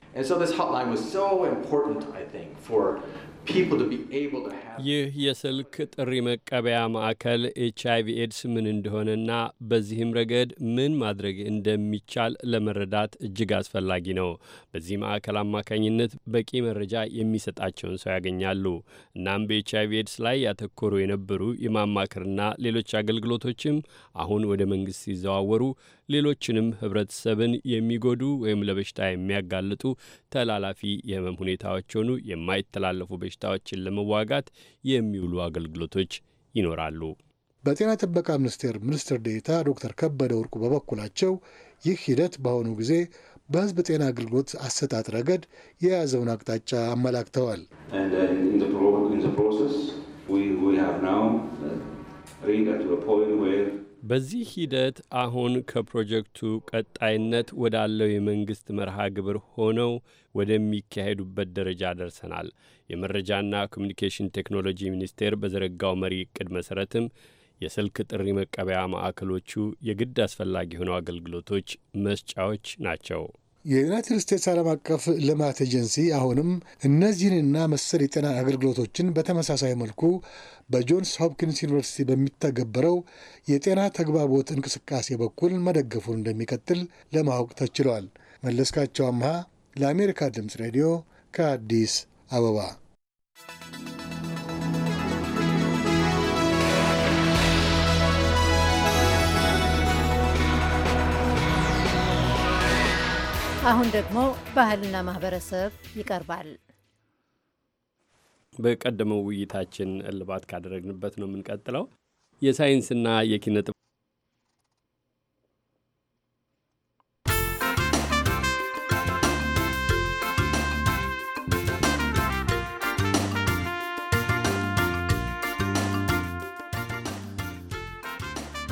ይህ የስልክ ጥሪ መቀበያ ማዕከል ኤች አይቪ ኤድስ ምን እንደሆነና በዚህም ረገድ ምን ማድረግ እንደሚቻል ለመረዳት እጅግ አስፈላጊ ነው። በዚህ ማዕከል አማካኝነት በቂ መረጃ የሚሰጣቸውን ሰው ያገኛሉ። እናም በኤች አይቪ ኤድስ ላይ ያተኮሩ የነበሩ የማማከርና ሌሎች አገልግሎቶችም አሁን ወደ መንግስት ሲዘዋወሩ ሌሎችንም ህብረተሰብን የሚጎዱ ወይም ለበሽታ የሚያጋልጡ ተላላፊ የህመም ሁኔታዎች ሆኑ የማይተላለፉ በሽታዎችን ለመዋጋት የሚውሉ አገልግሎቶች ይኖራሉ። በጤና ጥበቃ ሚኒስቴር ሚኒስትር ዴታ ዶክተር ከበደ ወርቁ በበኩላቸው ይህ ሂደት በአሁኑ ጊዜ በህዝብ ጤና አገልግሎት አሰጣጥ ረገድ የያዘውን አቅጣጫ አመላክተዋል። uh, በዚህ ሂደት አሁን ከፕሮጀክቱ ቀጣይነት ወዳለው የመንግሥት መርሃ ግብር ሆነው ወደሚካሄዱበት ደረጃ ደርሰናል። የመረጃና ኮሚኒኬሽን ቴክኖሎጂ ሚኒስቴር በዘረጋው መሪ እቅድ መሠረትም የስልክ ጥሪ መቀበያ ማዕከሎቹ የግድ አስፈላጊ የሆኑ አገልግሎቶች መስጫዎች ናቸው። የዩናይትድ ስቴትስ ዓለም አቀፍ ልማት ኤጀንሲ አሁንም እነዚህንና መሰል የጤና አገልግሎቶችን በተመሳሳይ መልኩ በጆንስ ሆፕኪንስ ዩኒቨርሲቲ በሚተገበረው የጤና ተግባቦት እንቅስቃሴ በኩል መደገፉን እንደሚቀጥል ለማወቅ ተችሏል። መለስካቸው አምሃ ለአሜሪካ ድምፅ ሬዲዮ ከአዲስ አበባ አሁን ደግሞ ባህልና ማህበረሰብ ይቀርባል። በቀደመው ውይይታችን እልባት ካደረግንበት ነው የምንቀጥለው። የሳይንስና የኪነ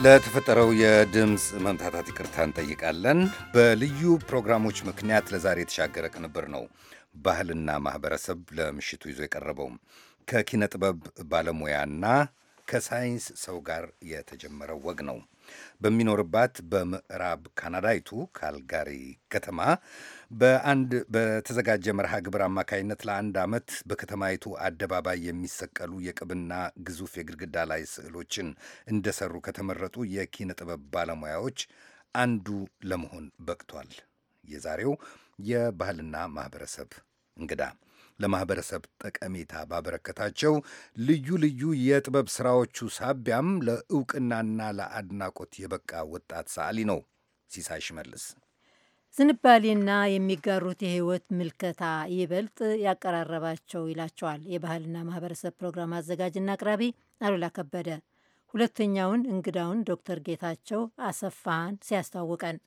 ለተፈጠረው የድምፅ መምታታት ይቅርታ እንጠይቃለን። በልዩ ፕሮግራሞች ምክንያት ለዛሬ የተሻገረ ቅንብር ነው። ባህልና ማህበረሰብ ለምሽቱ ይዞ የቀረበው ከኪነ ጥበብ ባለሙያና ከሳይንስ ሰው ጋር የተጀመረው ወግ ነው። በሚኖርባት በምዕራብ ካናዳይቱ ካልጋሪ ከተማ በአንድ በተዘጋጀ መርሃ ግብር አማካይነት ለአንድ ዓመት በከተማይቱ አደባባይ የሚሰቀሉ የቅብና ግዙፍ የግድግዳ ላይ ስዕሎችን እንደሰሩ ከተመረጡ የኪነ ጥበብ ባለሙያዎች አንዱ ለመሆን በቅቷል። የዛሬው የባህልና ማህበረሰብ እንግዳ ለማህበረሰብ ጠቀሜታ ባበረከታቸው ልዩ ልዩ የጥበብ ስራዎቹ ሳቢያም ለእውቅናና ለአድናቆት የበቃ ወጣት ሰዓሊ ነው ሲሳይ ሽመልስ። ዝንባሌና የሚጋሩት የህይወት ምልከታ ይበልጥ ያቀራረባቸው ይላቸዋል የባህልና ማህበረሰብ ፕሮግራም አዘጋጅና አቅራቢ አሉላ ከበደ ሁለተኛውን እንግዳውን ዶክተር ጌታቸው አሰፋን ሲያስታውቀን።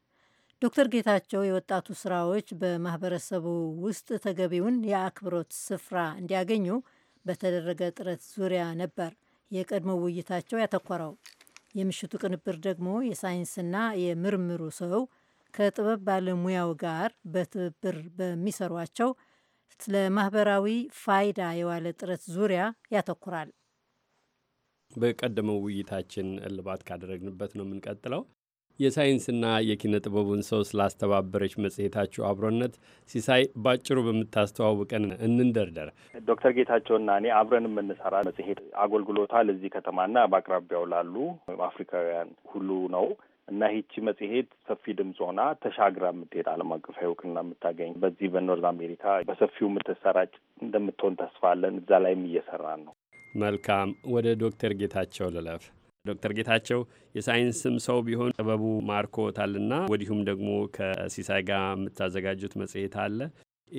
ዶክተር ጌታቸው የወጣቱ ስራዎች በማህበረሰቡ ውስጥ ተገቢውን የአክብሮት ስፍራ እንዲያገኙ በተደረገ ጥረት ዙሪያ ነበር የቀድሞ ውይይታቸው ያተኮረው። የምሽቱ ቅንብር ደግሞ የሳይንስና የምርምሩ ሰው ከጥበብ ባለሙያው ጋር በትብብር በሚሰሯቸው ስለ ማህበራዊ ፋይዳ የዋለ ጥረት ዙሪያ ያተኩራል። በቀደመው ውይይታችን እልባት ካደረግንበት ነው የምንቀጥለው። የሳይንስና የኪነ ጥበቡን ሰው ስላስተባበረች መጽሔታችሁ አብሮነት ሲሳይ ባጭሩ በምታስተዋውቀን እንንደርደር። ዶክተር ጌታቸውና እኔ አብረን የምንሰራ መጽሔት አገልግሎታል እዚህ ከተማና በአቅራቢያው ላሉ አፍሪካውያን ሁሉ ነው። እና ይቺ መጽሔት ሰፊ ድምፅ ሆና ተሻግራ የምትሄድ ዓለም አቀፋዊ እውቅና የምታገኝ በዚህ በኖርዝ አሜሪካ በሰፊው የምትሰራጭ እንደምትሆን ተስፋ አለን። እዛ ላይም እየሰራ ነው። መልካም። ወደ ዶክተር ጌታቸው ልለፍ። ዶክተር ጌታቸው የሳይንስም ሰው ቢሆን ጥበቡ ማርኮታልና ወዲሁም ደግሞ ከሲሳይ ጋር የምታዘጋጁት መጽሔት አለ።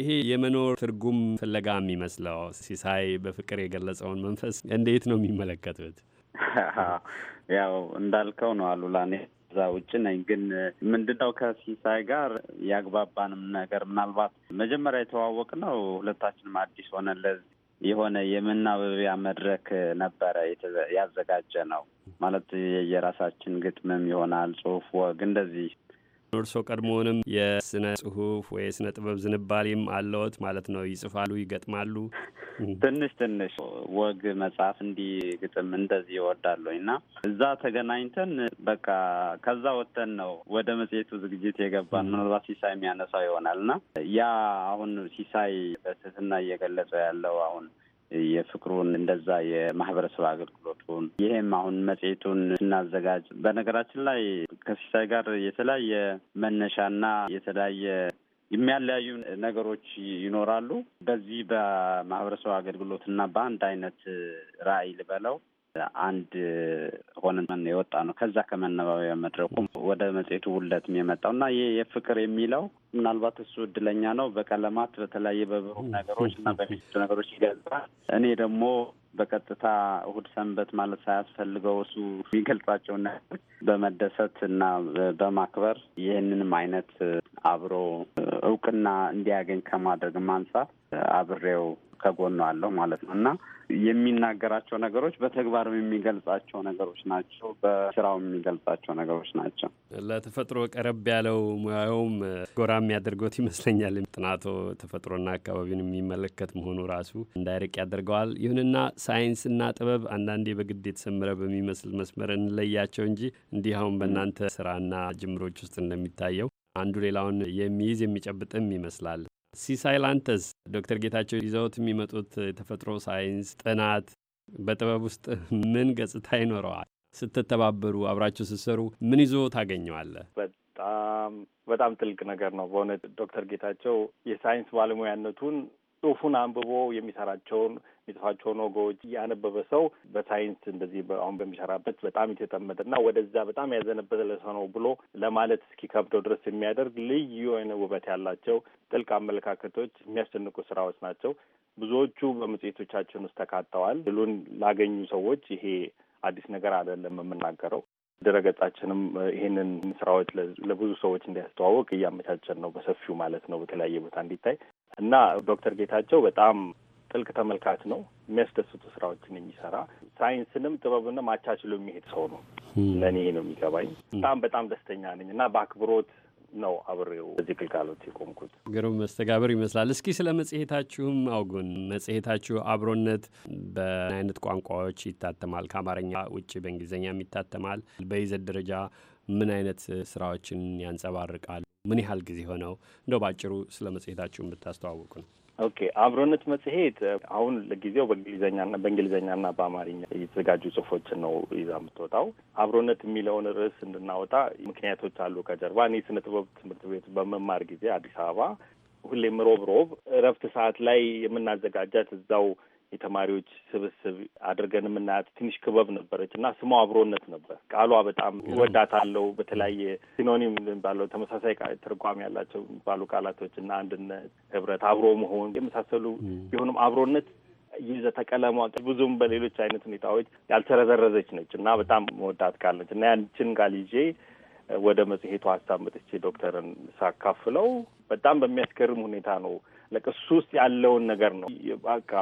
ይሄ የመኖር ትርጉም ፍለጋ የሚመስለው ሲሳይ በፍቅር የገለጸውን መንፈስ እንዴት ነው የሚመለከቱት? ያው እንዳልከው ነው አሉላ። እኔ ከዛ ውጭ ነኝ። ግን ምንድነው ከሲሳይ ጋር ያግባባንም ነገር ምናልባት መጀመሪያ የተዋወቅ ነው ሁለታችንም አዲስ ሆነ የሆነ የመናበቢያ መድረክ ነበረ ያዘጋጀ ነው ማለት የራሳችን ግጥምም ይሆናል ጽሁፍ፣ ወግ እንደዚህ እርሶ ቀድሞውንም የስነ ጽሁፍ ወይ የስነ ጥበብ ዝንባሌም አለዎት ማለት ነው። ይጽፋሉ፣ ይገጥማሉ። ትንሽ ትንሽ ወግ መጽሐፍ እንዲህ ግጥም እንደዚህ እወዳለሁኝ እና እዛ ተገናኝተን በቃ ከዛ ወጥተን ነው ወደ መጽሔቱ ዝግጅት የገባን። ምናልባት ሲሳይ የሚያነሳው ይሆናል እና ያ አሁን ሲሳይ በትህትና እየገለጸው ያለው አሁን የፍቅሩን እንደዛ የማህበረሰብ አገልግሎቱን ይህም አሁን መጽሔቱን ስናዘጋጅ በነገራችን ላይ ከሲሳይ ጋር የተለያየ መነሻና የተለያየ የሚያለያዩ ነገሮች ይኖራሉ። በዚህ በማህበረሰብ አገልግሎትና በአንድ አይነት ራዕይ ልበለው አንድ ሆነን የወጣ ነው። ከዛ ከመነባቢያ መድረኩ ወደ መጽሔቱ ውለት የመጣው እና ይህ የፍቅር የሚለው ምናልባት እሱ እድለኛ ነው። በቀለማት በተለያየ በብሩ ነገሮች እና በሚስቱ ነገሮች ይገልጻል። እኔ ደግሞ በቀጥታ እሁድ ሰንበት ማለት ሳያስፈልገው እሱ የሚገልጻቸው ነገር በመደሰት እና በማክበር ይህንንም አይነት አብሮ እውቅና እንዲያገኝ ከማድረግ ማንሳት አብሬው ከጎኑ አለው ማለት ነው እና የሚናገራቸው ነገሮች በተግባር የሚገልጻቸው ነገሮች ናቸው። በስራው የሚገልጻቸው ነገሮች ናቸው። ለተፈጥሮ ቀረብ ያለው ሙያውም ጎራ የሚያደርገት ይመስለኛል። ጥናቶ ተፈጥሮና አካባቢውን የሚመለከት መሆኑ ራሱ እንዳይርቅ ያደርገዋል። ይሁንና ሳይንስና ጥበብ አንዳንዴ በግድ የተሰመረ በሚመስል መስመር እንለያቸው እንጂ እንዲህ አሁን በእናንተ ስራና ጅምሮች ውስጥ እንደሚታየው አንዱ ሌላውን የሚይዝ የሚጨብጥም ይመስላል። ሲሳይ ላንተስ ዶክተር ጌታቸው ይዘውት የሚመጡት የተፈጥሮ ሳይንስ ጥናት በጥበብ ውስጥ ምን ገጽታ ይኖረዋል? ስትተባበሩ አብራችሁ ስትሰሩ ምን ይዞ ታገኘዋለህ? በጣም በጣም ትልቅ ነገር ነው በእውነት ዶክተር ጌታቸው የሳይንስ ባለሙያነቱን ጽሁፉን አንብቦ የሚሰራቸውን የሚጽፋቸውን ወጎች እያነበበ ሰው በሳይንስ እንደዚህ አሁን በሚሰራበት በጣም የተጠመደና ወደዛ በጣም ያዘነበለ ሰው ነው ብሎ ለማለት እስኪከብደው ድረስ የሚያደርግ ልዩ የሆነ ውበት ያላቸው ጥልቅ አመለካከቶች የሚያስደንቁ ስራዎች ናቸው። ብዙዎቹ በመጽሄቶቻችን ውስጥ ተካተዋል። ድሉን ላገኙ ሰዎች ይሄ አዲስ ነገር አይደለም የምናገረው። ድረገጻችንም ይህንን ስራዎች ለብዙ ሰዎች እንዲያስተዋወቅ እያመቻቸን ነው በሰፊው ማለት ነው በተለያየ ቦታ እንዲታይ እና ዶክተር ጌታቸው በጣም ጥልቅ ተመልካች ነው። የሚያስደስቱ ስራዎችን የሚሰራ ሳይንስንም ጥበብንም አቻችሎ የሚሄድ ሰው ነው። ለእኔ ነው የሚገባኝ። በጣም በጣም ደስተኛ ነኝ እና በአክብሮት ነው አብሬው በዚህ ግልጋሎት የቆምኩት። ግሩም መስተጋብር ይመስላል። እስኪ ስለ መጽሔታችሁም አውጉን። መጽሔታችሁ አብሮነት በአይነት ቋንቋዎች ይታተማል? ከአማርኛ ውጭ በእንግሊዝኛም ይታተማል። በይዘት ደረጃ ምን አይነት ስራዎችን ያንጸባርቃል? ምን ያህል ጊዜ ሆነው? እንደው በአጭሩ ስለ መጽሔታችሁ የምታስተዋውቁ ነው። ኦኬ አብሮነት መጽሔት አሁን ለጊዜው በእንግሊዝኛና በእንግሊዝኛና በአማርኛ የተዘጋጁ ጽሁፎችን ነው ይዛ የምትወጣው። አብሮነት የሚለውን ርዕስ እንድናወጣ ምክንያቶች አሉ ከጀርባ። እኔ ስነ ጥበብ ትምህርት ቤት በመማር ጊዜ አዲስ አበባ ሁሌም ሮብ ሮብ እረፍት ሰዓት ላይ የምናዘጋጃት እዛው የተማሪዎች ስብስብ አድርገን የምናያት ትንሽ ክበብ ነበረች እና ስሟ አብሮነት ነበር። ቃሏ በጣም ወዳት አለው በተለያየ ሲኖኒም ባለው ተመሳሳይ ትርጓሜ ያላቸው ባሉ ቃላቶች እና አንድነት፣ ህብረት፣ አብሮ መሆን የመሳሰሉ ቢሆንም አብሮነት ይዘተ ቀለሟ ብዙም በሌሎች አይነት ሁኔታዎች ያልተረዘረዘች ነች እና በጣም መወዳት ቃል ነች እና ያንችን ቃል ይዤ ወደ መጽሔቱ ሀሳብ መጥቼ ዶክተርን ሳካፍለው በጣም በሚያስገርም ሁኔታ ነው ለቅሱ ውስጥ ያለውን ነገር ነው በቃ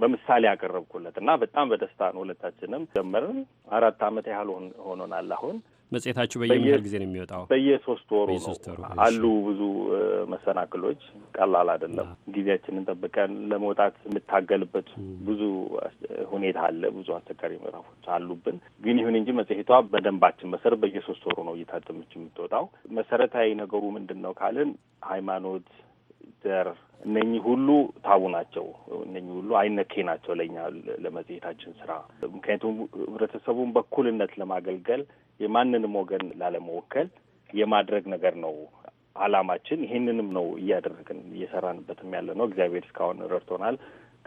በምሳሌ ያቀረብኩለት እና በጣም በደስታ ነው። ሁለታችንም ጀመርን። አራት ዓመት ያህል ሆኖናል። አሁን መጽሔታችሁ በየምንል ጊዜ ነው የሚወጣው? በየሶስት ወሩ ነው። አሉ ብዙ መሰናክሎች፣ ቀላል አይደለም። ጊዜያችንን ጠብቀን ለመውጣት የምታገልበት ብዙ ሁኔታ አለ። ብዙ አስቸጋሪ ምዕራፎች አሉብን። ግን ይሁን እንጂ መጽሔቷ በደንባችን መሰረት በየሶስት ወሩ ነው እየታተመች የምትወጣው። መሰረታዊ ነገሩ ምንድን ነው ካልን ሃይማኖት ኢደር እነኚህ ሁሉ ታቡ ናቸው። እነኚህ ሁሉ አይነኬ ናቸው ለእኛ ለመጽሔታችን ስራ። ምክንያቱም ህብረተሰቡን በኩልነት ለማገልገል የማንንም ወገን ላለመወከል የማድረግ ነገር ነው አላማችን። ይሄንንም ነው እያደረግን እየሰራንበትም ያለ ነው። እግዚአብሔር እስካሁን ረድቶናል።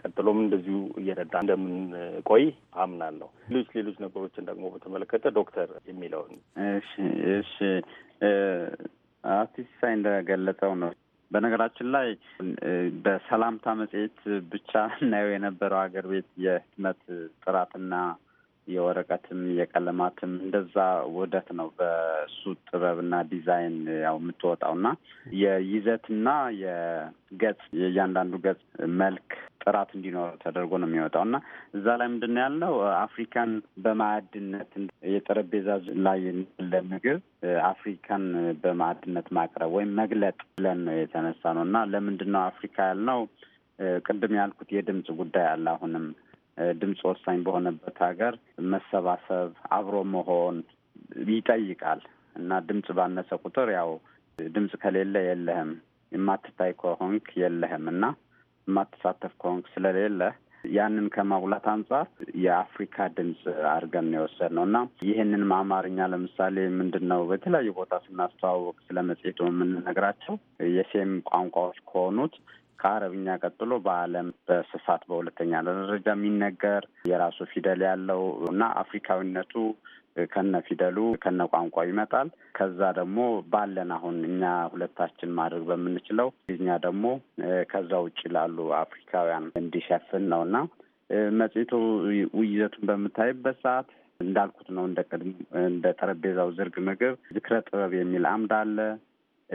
ቀጥሎም እንደዚሁ እየረዳ እንደምንቆይ አምናለሁ። ሌሎች ሌሎች ነገሮችን ደግሞ በተመለከተ ዶክተር የሚለውን እሺ፣ እሺ አርቲስት ሳይ እንደገለጸው ነው በነገራችን ላይ በሰላምታ መጽሔት ብቻ እናየው የነበረው ሀገር ቤት የህትመት ጥራትና የወረቀትም የቀለማትም እንደዛ ውህደት ነው በሱ ጥበብና ዲዛይን ያው የምትወጣውና የይዘትና የገጽ የእያንዳንዱ ገጽ መልክ ጥራት እንዲኖረው ተደርጎ ነው የሚወጣው እና እዛ ላይ ምንድን ነው ያልነው አፍሪካን በማዕድነት የጠረጴዛ ላይ ለምግብ አፍሪካን በማዕድነት ማቅረብ ወይም መግለጥ ብለን ነው የተነሳ ነው እና ለምንድን ነው አፍሪካ ያልነው ቅድም ያልኩት የድምፅ ጉዳይ አለ አሁንም ድምፅ ወሳኝ በሆነበት ሀገር መሰባሰብ፣ አብሮ መሆን ይጠይቃል እና ድምፅ ባነሰ ቁጥር ያው ድምፅ ከሌለ የለህም፣ የማትታይ ከሆንክ የለህም እና የማትሳተፍ ከሆንክ ስለሌለ ያንን ከማጉላት አንጻር የአፍሪካ ድምፅ አድርገን ነው የወሰድነው እና ይህንን አማርኛ ለምሳሌ ምንድን ነው በተለያዩ ቦታ ስናስተዋወቅ ስለ መጽሄቱ የምንነግራቸው የሴም ቋንቋዎች ከሆኑት ከአረብኛ ቀጥሎ በዓለም በስፋት በሁለተኛ ደረጃ የሚነገር የራሱ ፊደል ያለው እና አፍሪካዊነቱ ከነ ፊደሉ ከነ ቋንቋ ይመጣል። ከዛ ደግሞ ባለን አሁን እኛ ሁለታችን ማድረግ በምንችለው እኛ ደግሞ ከዛ ውጭ ላሉ አፍሪካውያን እንዲሸፍን ነው እና መጽሔቱ ውይዘቱን በምታይበት ሰዓት እንዳልኩት ነው። እንደ ቅድም እንደ ጠረጴዛው ዝርግ ምግብ ዝክረ ጥበብ የሚል አምድ አለ።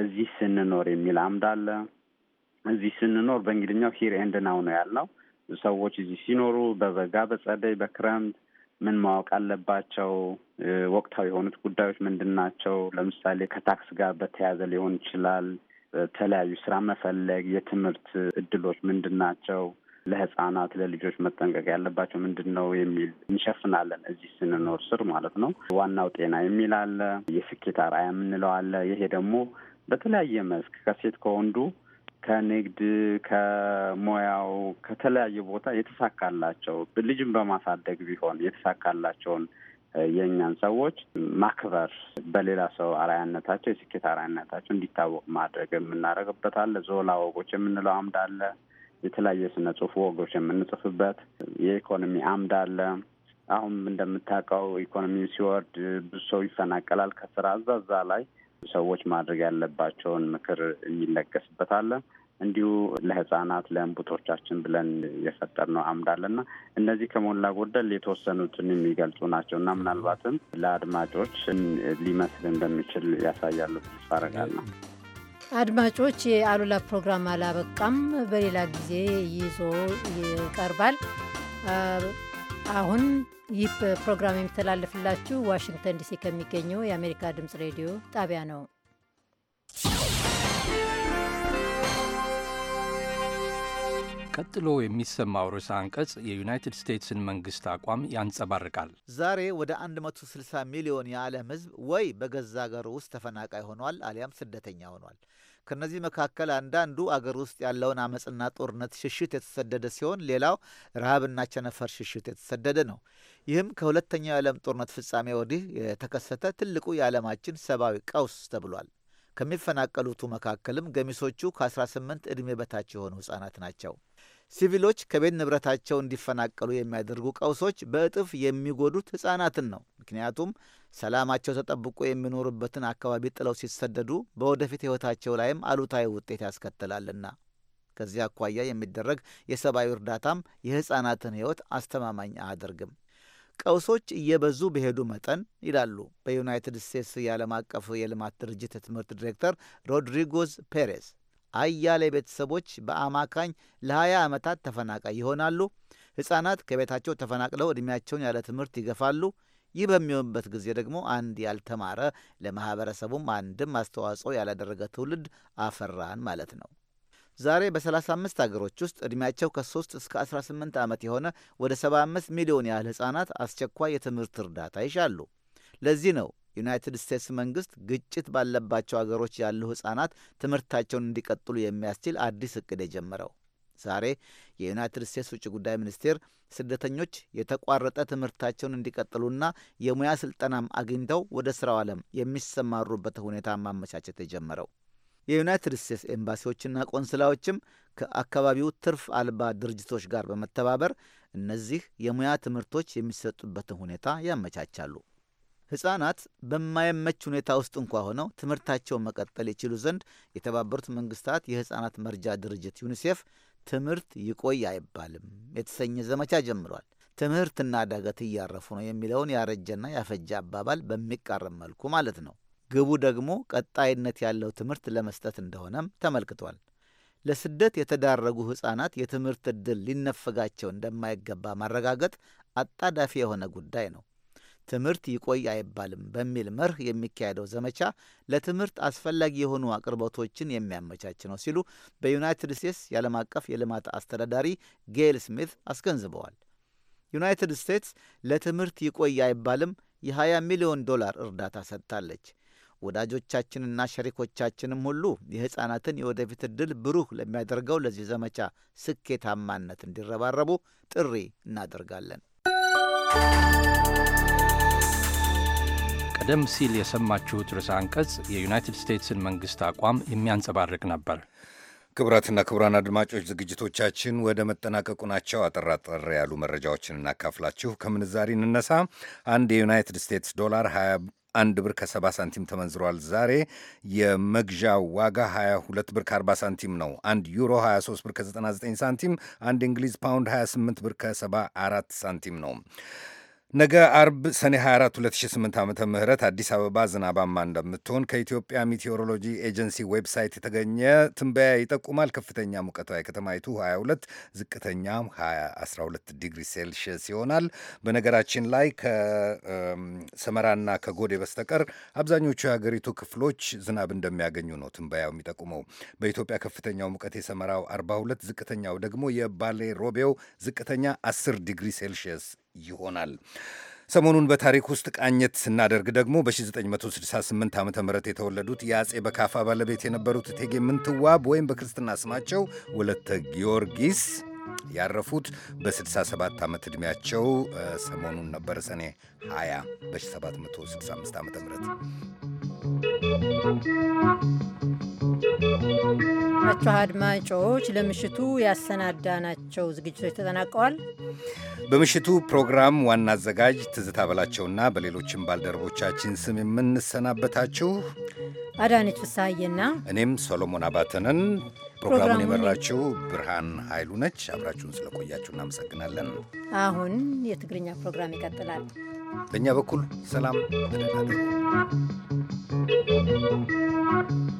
እዚህ ስንኖር የሚል አምድ አለ። እዚህ ስንኖር በእንግሊኛው ሂር ኤንድ ናው ነው ያልነው። ሰዎች እዚህ ሲኖሩ በበጋ፣ በጸደይ፣ በክረምት ምን ማወቅ አለባቸው? ወቅታዊ የሆኑት ጉዳዮች ምንድን ናቸው? ለምሳሌ ከታክስ ጋር በተያያዘ ሊሆን ይችላል። የተለያዩ ስራ መፈለግ፣ የትምህርት እድሎች ምንድን ናቸው? ለህፃናት ለልጆች መጠንቀቅ ያለባቸው ምንድን ነው የሚል እንሸፍናለን። እዚህ ስንኖር ስር ማለት ነው። ዋናው ጤና የሚል አለ፣ የስኬት አርአያ የምንለው አለ። ይሄ ደግሞ በተለያየ መስክ ከሴት ከወንዱ ከንግድ ከሙያው ከተለያየ ቦታ የተሳካላቸው ልጅን በማሳደግ ቢሆን የተሳካላቸውን የእኛን ሰዎች ማክበር በሌላ ሰው አራያነታቸው የስኬት አራያነታቸው እንዲታወቅ ማድረግ የምናደርግበት አለ። ዞላ ወጎች የምንለው አምድ አለ። የተለያየ ስነ ጽሁፍ ወጎች የምንጽፍበት የኢኮኖሚ አምድ አለ። አሁን እንደምታውቀው ኢኮኖሚ ሲወርድ ብዙ ሰው ይፈናቀላል ከስራ እዛ እዛ ላይ ሰዎች ማድረግ ያለባቸውን ምክር የሚለገስበት አለ። እንዲሁ ለህጻናት ለእንቡቶቻችን ብለን የፈጠርነው አምድ አለና እነዚህ ከሞላ ጎደል የተወሰኑትን የሚገልጹ ናቸው እና ምናልባትም ለአድማጮች ሊመስል እንደሚችል ያሳያሉ ተስፋ አደርጋለሁ። አድማጮች፣ የአሉላ ፕሮግራም አላበቃም፣ በሌላ ጊዜ ይዞ ይቀርባል። አሁን ይህ ፕሮግራም የሚተላለፍላችሁ ዋሽንግተን ዲሲ ከሚገኘው የአሜሪካ ድምፅ ሬዲዮ ጣቢያ ነው። ቀጥሎ የሚሰማው ርዕሰ አንቀጽ የዩናይትድ ስቴትስን መንግስት አቋም ያንጸባርቃል። ዛሬ ወደ 160 ሚሊዮን የዓለም ሕዝብ ወይ በገዛ አገሩ ውስጥ ተፈናቃይ ሆኗል አሊያም ስደተኛ ሆኗል። ከእነዚህ መካከል አንዳንዱ አገር ውስጥ ያለውን አመፅና ጦርነት ሽሽት የተሰደደ ሲሆን ሌላው ረሃብና ቸነፈር ሽሽት የተሰደደ ነው። ይህም ከሁለተኛው የዓለም ጦርነት ፍጻሜ ወዲህ የተከሰተ ትልቁ የዓለማችን ሰብአዊ ቀውስ ተብሏል። ከሚፈናቀሉቱ መካከልም ገሚሶቹ ከ18 ዕድሜ በታች የሆኑ ሕፃናት ናቸው። ሲቪሎች ከቤት ንብረታቸው እንዲፈናቀሉ የሚያደርጉ ቀውሶች በእጥፍ የሚጎዱት ሕፃናትን ነው። ምክንያቱም ሰላማቸው ተጠብቆ የሚኖሩበትን አካባቢ ጥለው ሲሰደዱ በወደፊት ሕይወታቸው ላይም አሉታዊ ውጤት ያስከትላልና ከዚህ አኳያ የሚደረግ የሰብአዊ እርዳታም የሕፃናትን ሕይወት አስተማማኝ አያደርግም። ቀውሶች እየበዙ በሄዱ መጠን ይላሉ በዩናይትድ ስቴትስ የዓለም አቀፍ የልማት ድርጅት የትምህርት ዲሬክተር ሮድሪጎዝ ፔሬዝ አያሌ ቤተሰቦች በአማካኝ ለ20 ዓመታት ተፈናቃይ ይሆናሉ። ሕፃናት ከቤታቸው ተፈናቅለው ዕድሜያቸውን ያለ ትምህርት ይገፋሉ። ይህ በሚሆንበት ጊዜ ደግሞ አንድ ያልተማረ ለማኅበረሰቡም አንድም አስተዋጽኦ ያላደረገ ትውልድ አፈራን ማለት ነው። ዛሬ በ35 አገሮች ውስጥ ዕድሜያቸው ከ3 እስከ 18 ዓመት የሆነ ወደ 75 ሚሊዮን ያህል ሕፃናት አስቸኳይ የትምህርት እርዳታ ይሻሉ። ለዚህ ነው ዩናይትድ ስቴትስ መንግስት ግጭት ባለባቸው አገሮች ያሉ ሕፃናት ትምህርታቸውን እንዲቀጥሉ የሚያስችል አዲስ እቅድ የጀመረው። ዛሬ የዩናይትድ ስቴትስ ውጭ ጉዳይ ሚኒስቴር ስደተኞች የተቋረጠ ትምህርታቸውን እንዲቀጥሉና የሙያ ስልጠናም አግኝተው ወደ ሥራው ዓለም የሚሰማሩበት ሁኔታ ማመቻቸት የጀመረው የዩናይትድ ስቴትስ ኤምባሲዎችና ቆንስላዎችም ከአካባቢው ትርፍ አልባ ድርጅቶች ጋር በመተባበር እነዚህ የሙያ ትምህርቶች የሚሰጡበትን ሁኔታ ያመቻቻሉ። ሕፃናት በማይመች ሁኔታ ውስጥ እንኳ ሆነው ትምህርታቸውን መቀጠል ይችሉ ዘንድ የተባበሩት መንግስታት የሕፃናት መርጃ ድርጅት ዩኒሴፍ ትምህርት ይቆይ አይባልም የተሰኘ ዘመቻ ጀምሯል። ትምህርትና ዳገት እያረፉ ነው የሚለውን ያረጀና ያፈጀ አባባል በሚቃረም መልኩ ማለት ነው። ግቡ ደግሞ ቀጣይነት ያለው ትምህርት ለመስጠት እንደሆነም ተመልክቷል። ለስደት የተዳረጉ ሕፃናት የትምህርት ዕድል ሊነፈጋቸው እንደማይገባ ማረጋገጥ አጣዳፊ የሆነ ጉዳይ ነው። ትምህርት ይቆይ አይባልም በሚል መርህ የሚካሄደው ዘመቻ ለትምህርት አስፈላጊ የሆኑ አቅርቦቶችን የሚያመቻች ነው ሲሉ በዩናይትድ ስቴትስ የዓለም አቀፍ የልማት አስተዳዳሪ ጌል ስሚት አስገንዝበዋል። ዩናይትድ ስቴትስ ለትምህርት ይቆይ አይባልም የ20 ሚሊዮን ዶላር እርዳታ ሰጥታለች። ወዳጆቻችንና ሸሪኮቻችንም ሁሉ የሕፃናትን የወደፊት ዕድል ብሩህ ለሚያደርገው ለዚህ ዘመቻ ስኬታማነት እንዲረባረቡ ጥሪ እናደርጋለን። ቀደም ሲል የሰማችሁት ርዕሰ አንቀጽ የዩናይትድ ስቴትስን መንግሥት አቋም የሚያንጸባርቅ ነበር። ክቡራትና ክቡራን አድማጮች ዝግጅቶቻችን ወደ መጠናቀቁ ናቸው። አጠራጠር ያሉ መረጃዎችን እናካፍላችሁ። ከምንዛሪ እንነሳ። አንድ የዩናይትድ ስቴትስ ዶላር 21 ብር ከ70 ሳንቲም ተመንዝሯል። ዛሬ የመግዣ ዋጋ 22 ብር ከ40 ሳንቲም ነው። አንድ ዩሮ 23 ብር ከ99 ሳንቲም፣ አንድ እንግሊዝ ፓውንድ 28 ብር ከ74 ሳንቲም ነው። ነገ አርብ ሰኔ 24 2008 ዓ ም አዲስ አበባ ዝናባማ እንደምትሆን ከኢትዮጵያ ሚቴዎሮሎጂ ኤጀንሲ ዌብሳይት የተገኘ ትንበያ ይጠቁማል። ከፍተኛ ሙቀቷ የከተማይቱ 22፣ ዝቅተኛ 212 ዲግሪ ሴልሺየስ ይሆናል። በነገራችን ላይ ከሰመራና ከጎዴ በስተቀር አብዛኞቹ የሀገሪቱ ክፍሎች ዝናብ እንደሚያገኙ ነው ትንበያው የሚጠቁመው። በኢትዮጵያ ከፍተኛው ሙቀት የሰመራው 42፣ ዝቅተኛው ደግሞ የባሌ ሮቤው ዝቅተኛ 10 ዲግሪ ሴልሺየስ ይሆናል። ሰሞኑን በታሪክ ውስጥ ቃኘት ስናደርግ ደግሞ በ1968 ዓ ም የተወለዱት የአጼ በካፋ ባለቤት የነበሩት እቴጌ ምንትዋብ ወይም በክርስትና ስማቸው ወለተ ጊዮርጊስ ያረፉት በ67 ዓመት ዕድሜያቸው ሰሞኑን ነበር፣ ሰኔ 20 በ765 ዓ ም እንደምናመሻችሁ አድማጮች፣ ለምሽቱ ያሰናዳናቸው ዝግጅቶች ተጠናቀዋል። በምሽቱ ፕሮግራም ዋና አዘጋጅ ትዝታ በላቸውና በሌሎችም ባልደረቦቻችን ስም የምንሰናበታችሁ አዳነች ፍስሐዬና እኔም ሶሎሞን አባተንን። ፕሮግራሙን የመራችው ብርሃን ኃይሉ ነች። አብራችሁን ስለቆያችሁ እናመሰግናለን። አሁን የትግርኛ ፕሮግራም ይቀጥላል። በእኛ በኩል ሰላም፣ Thank you.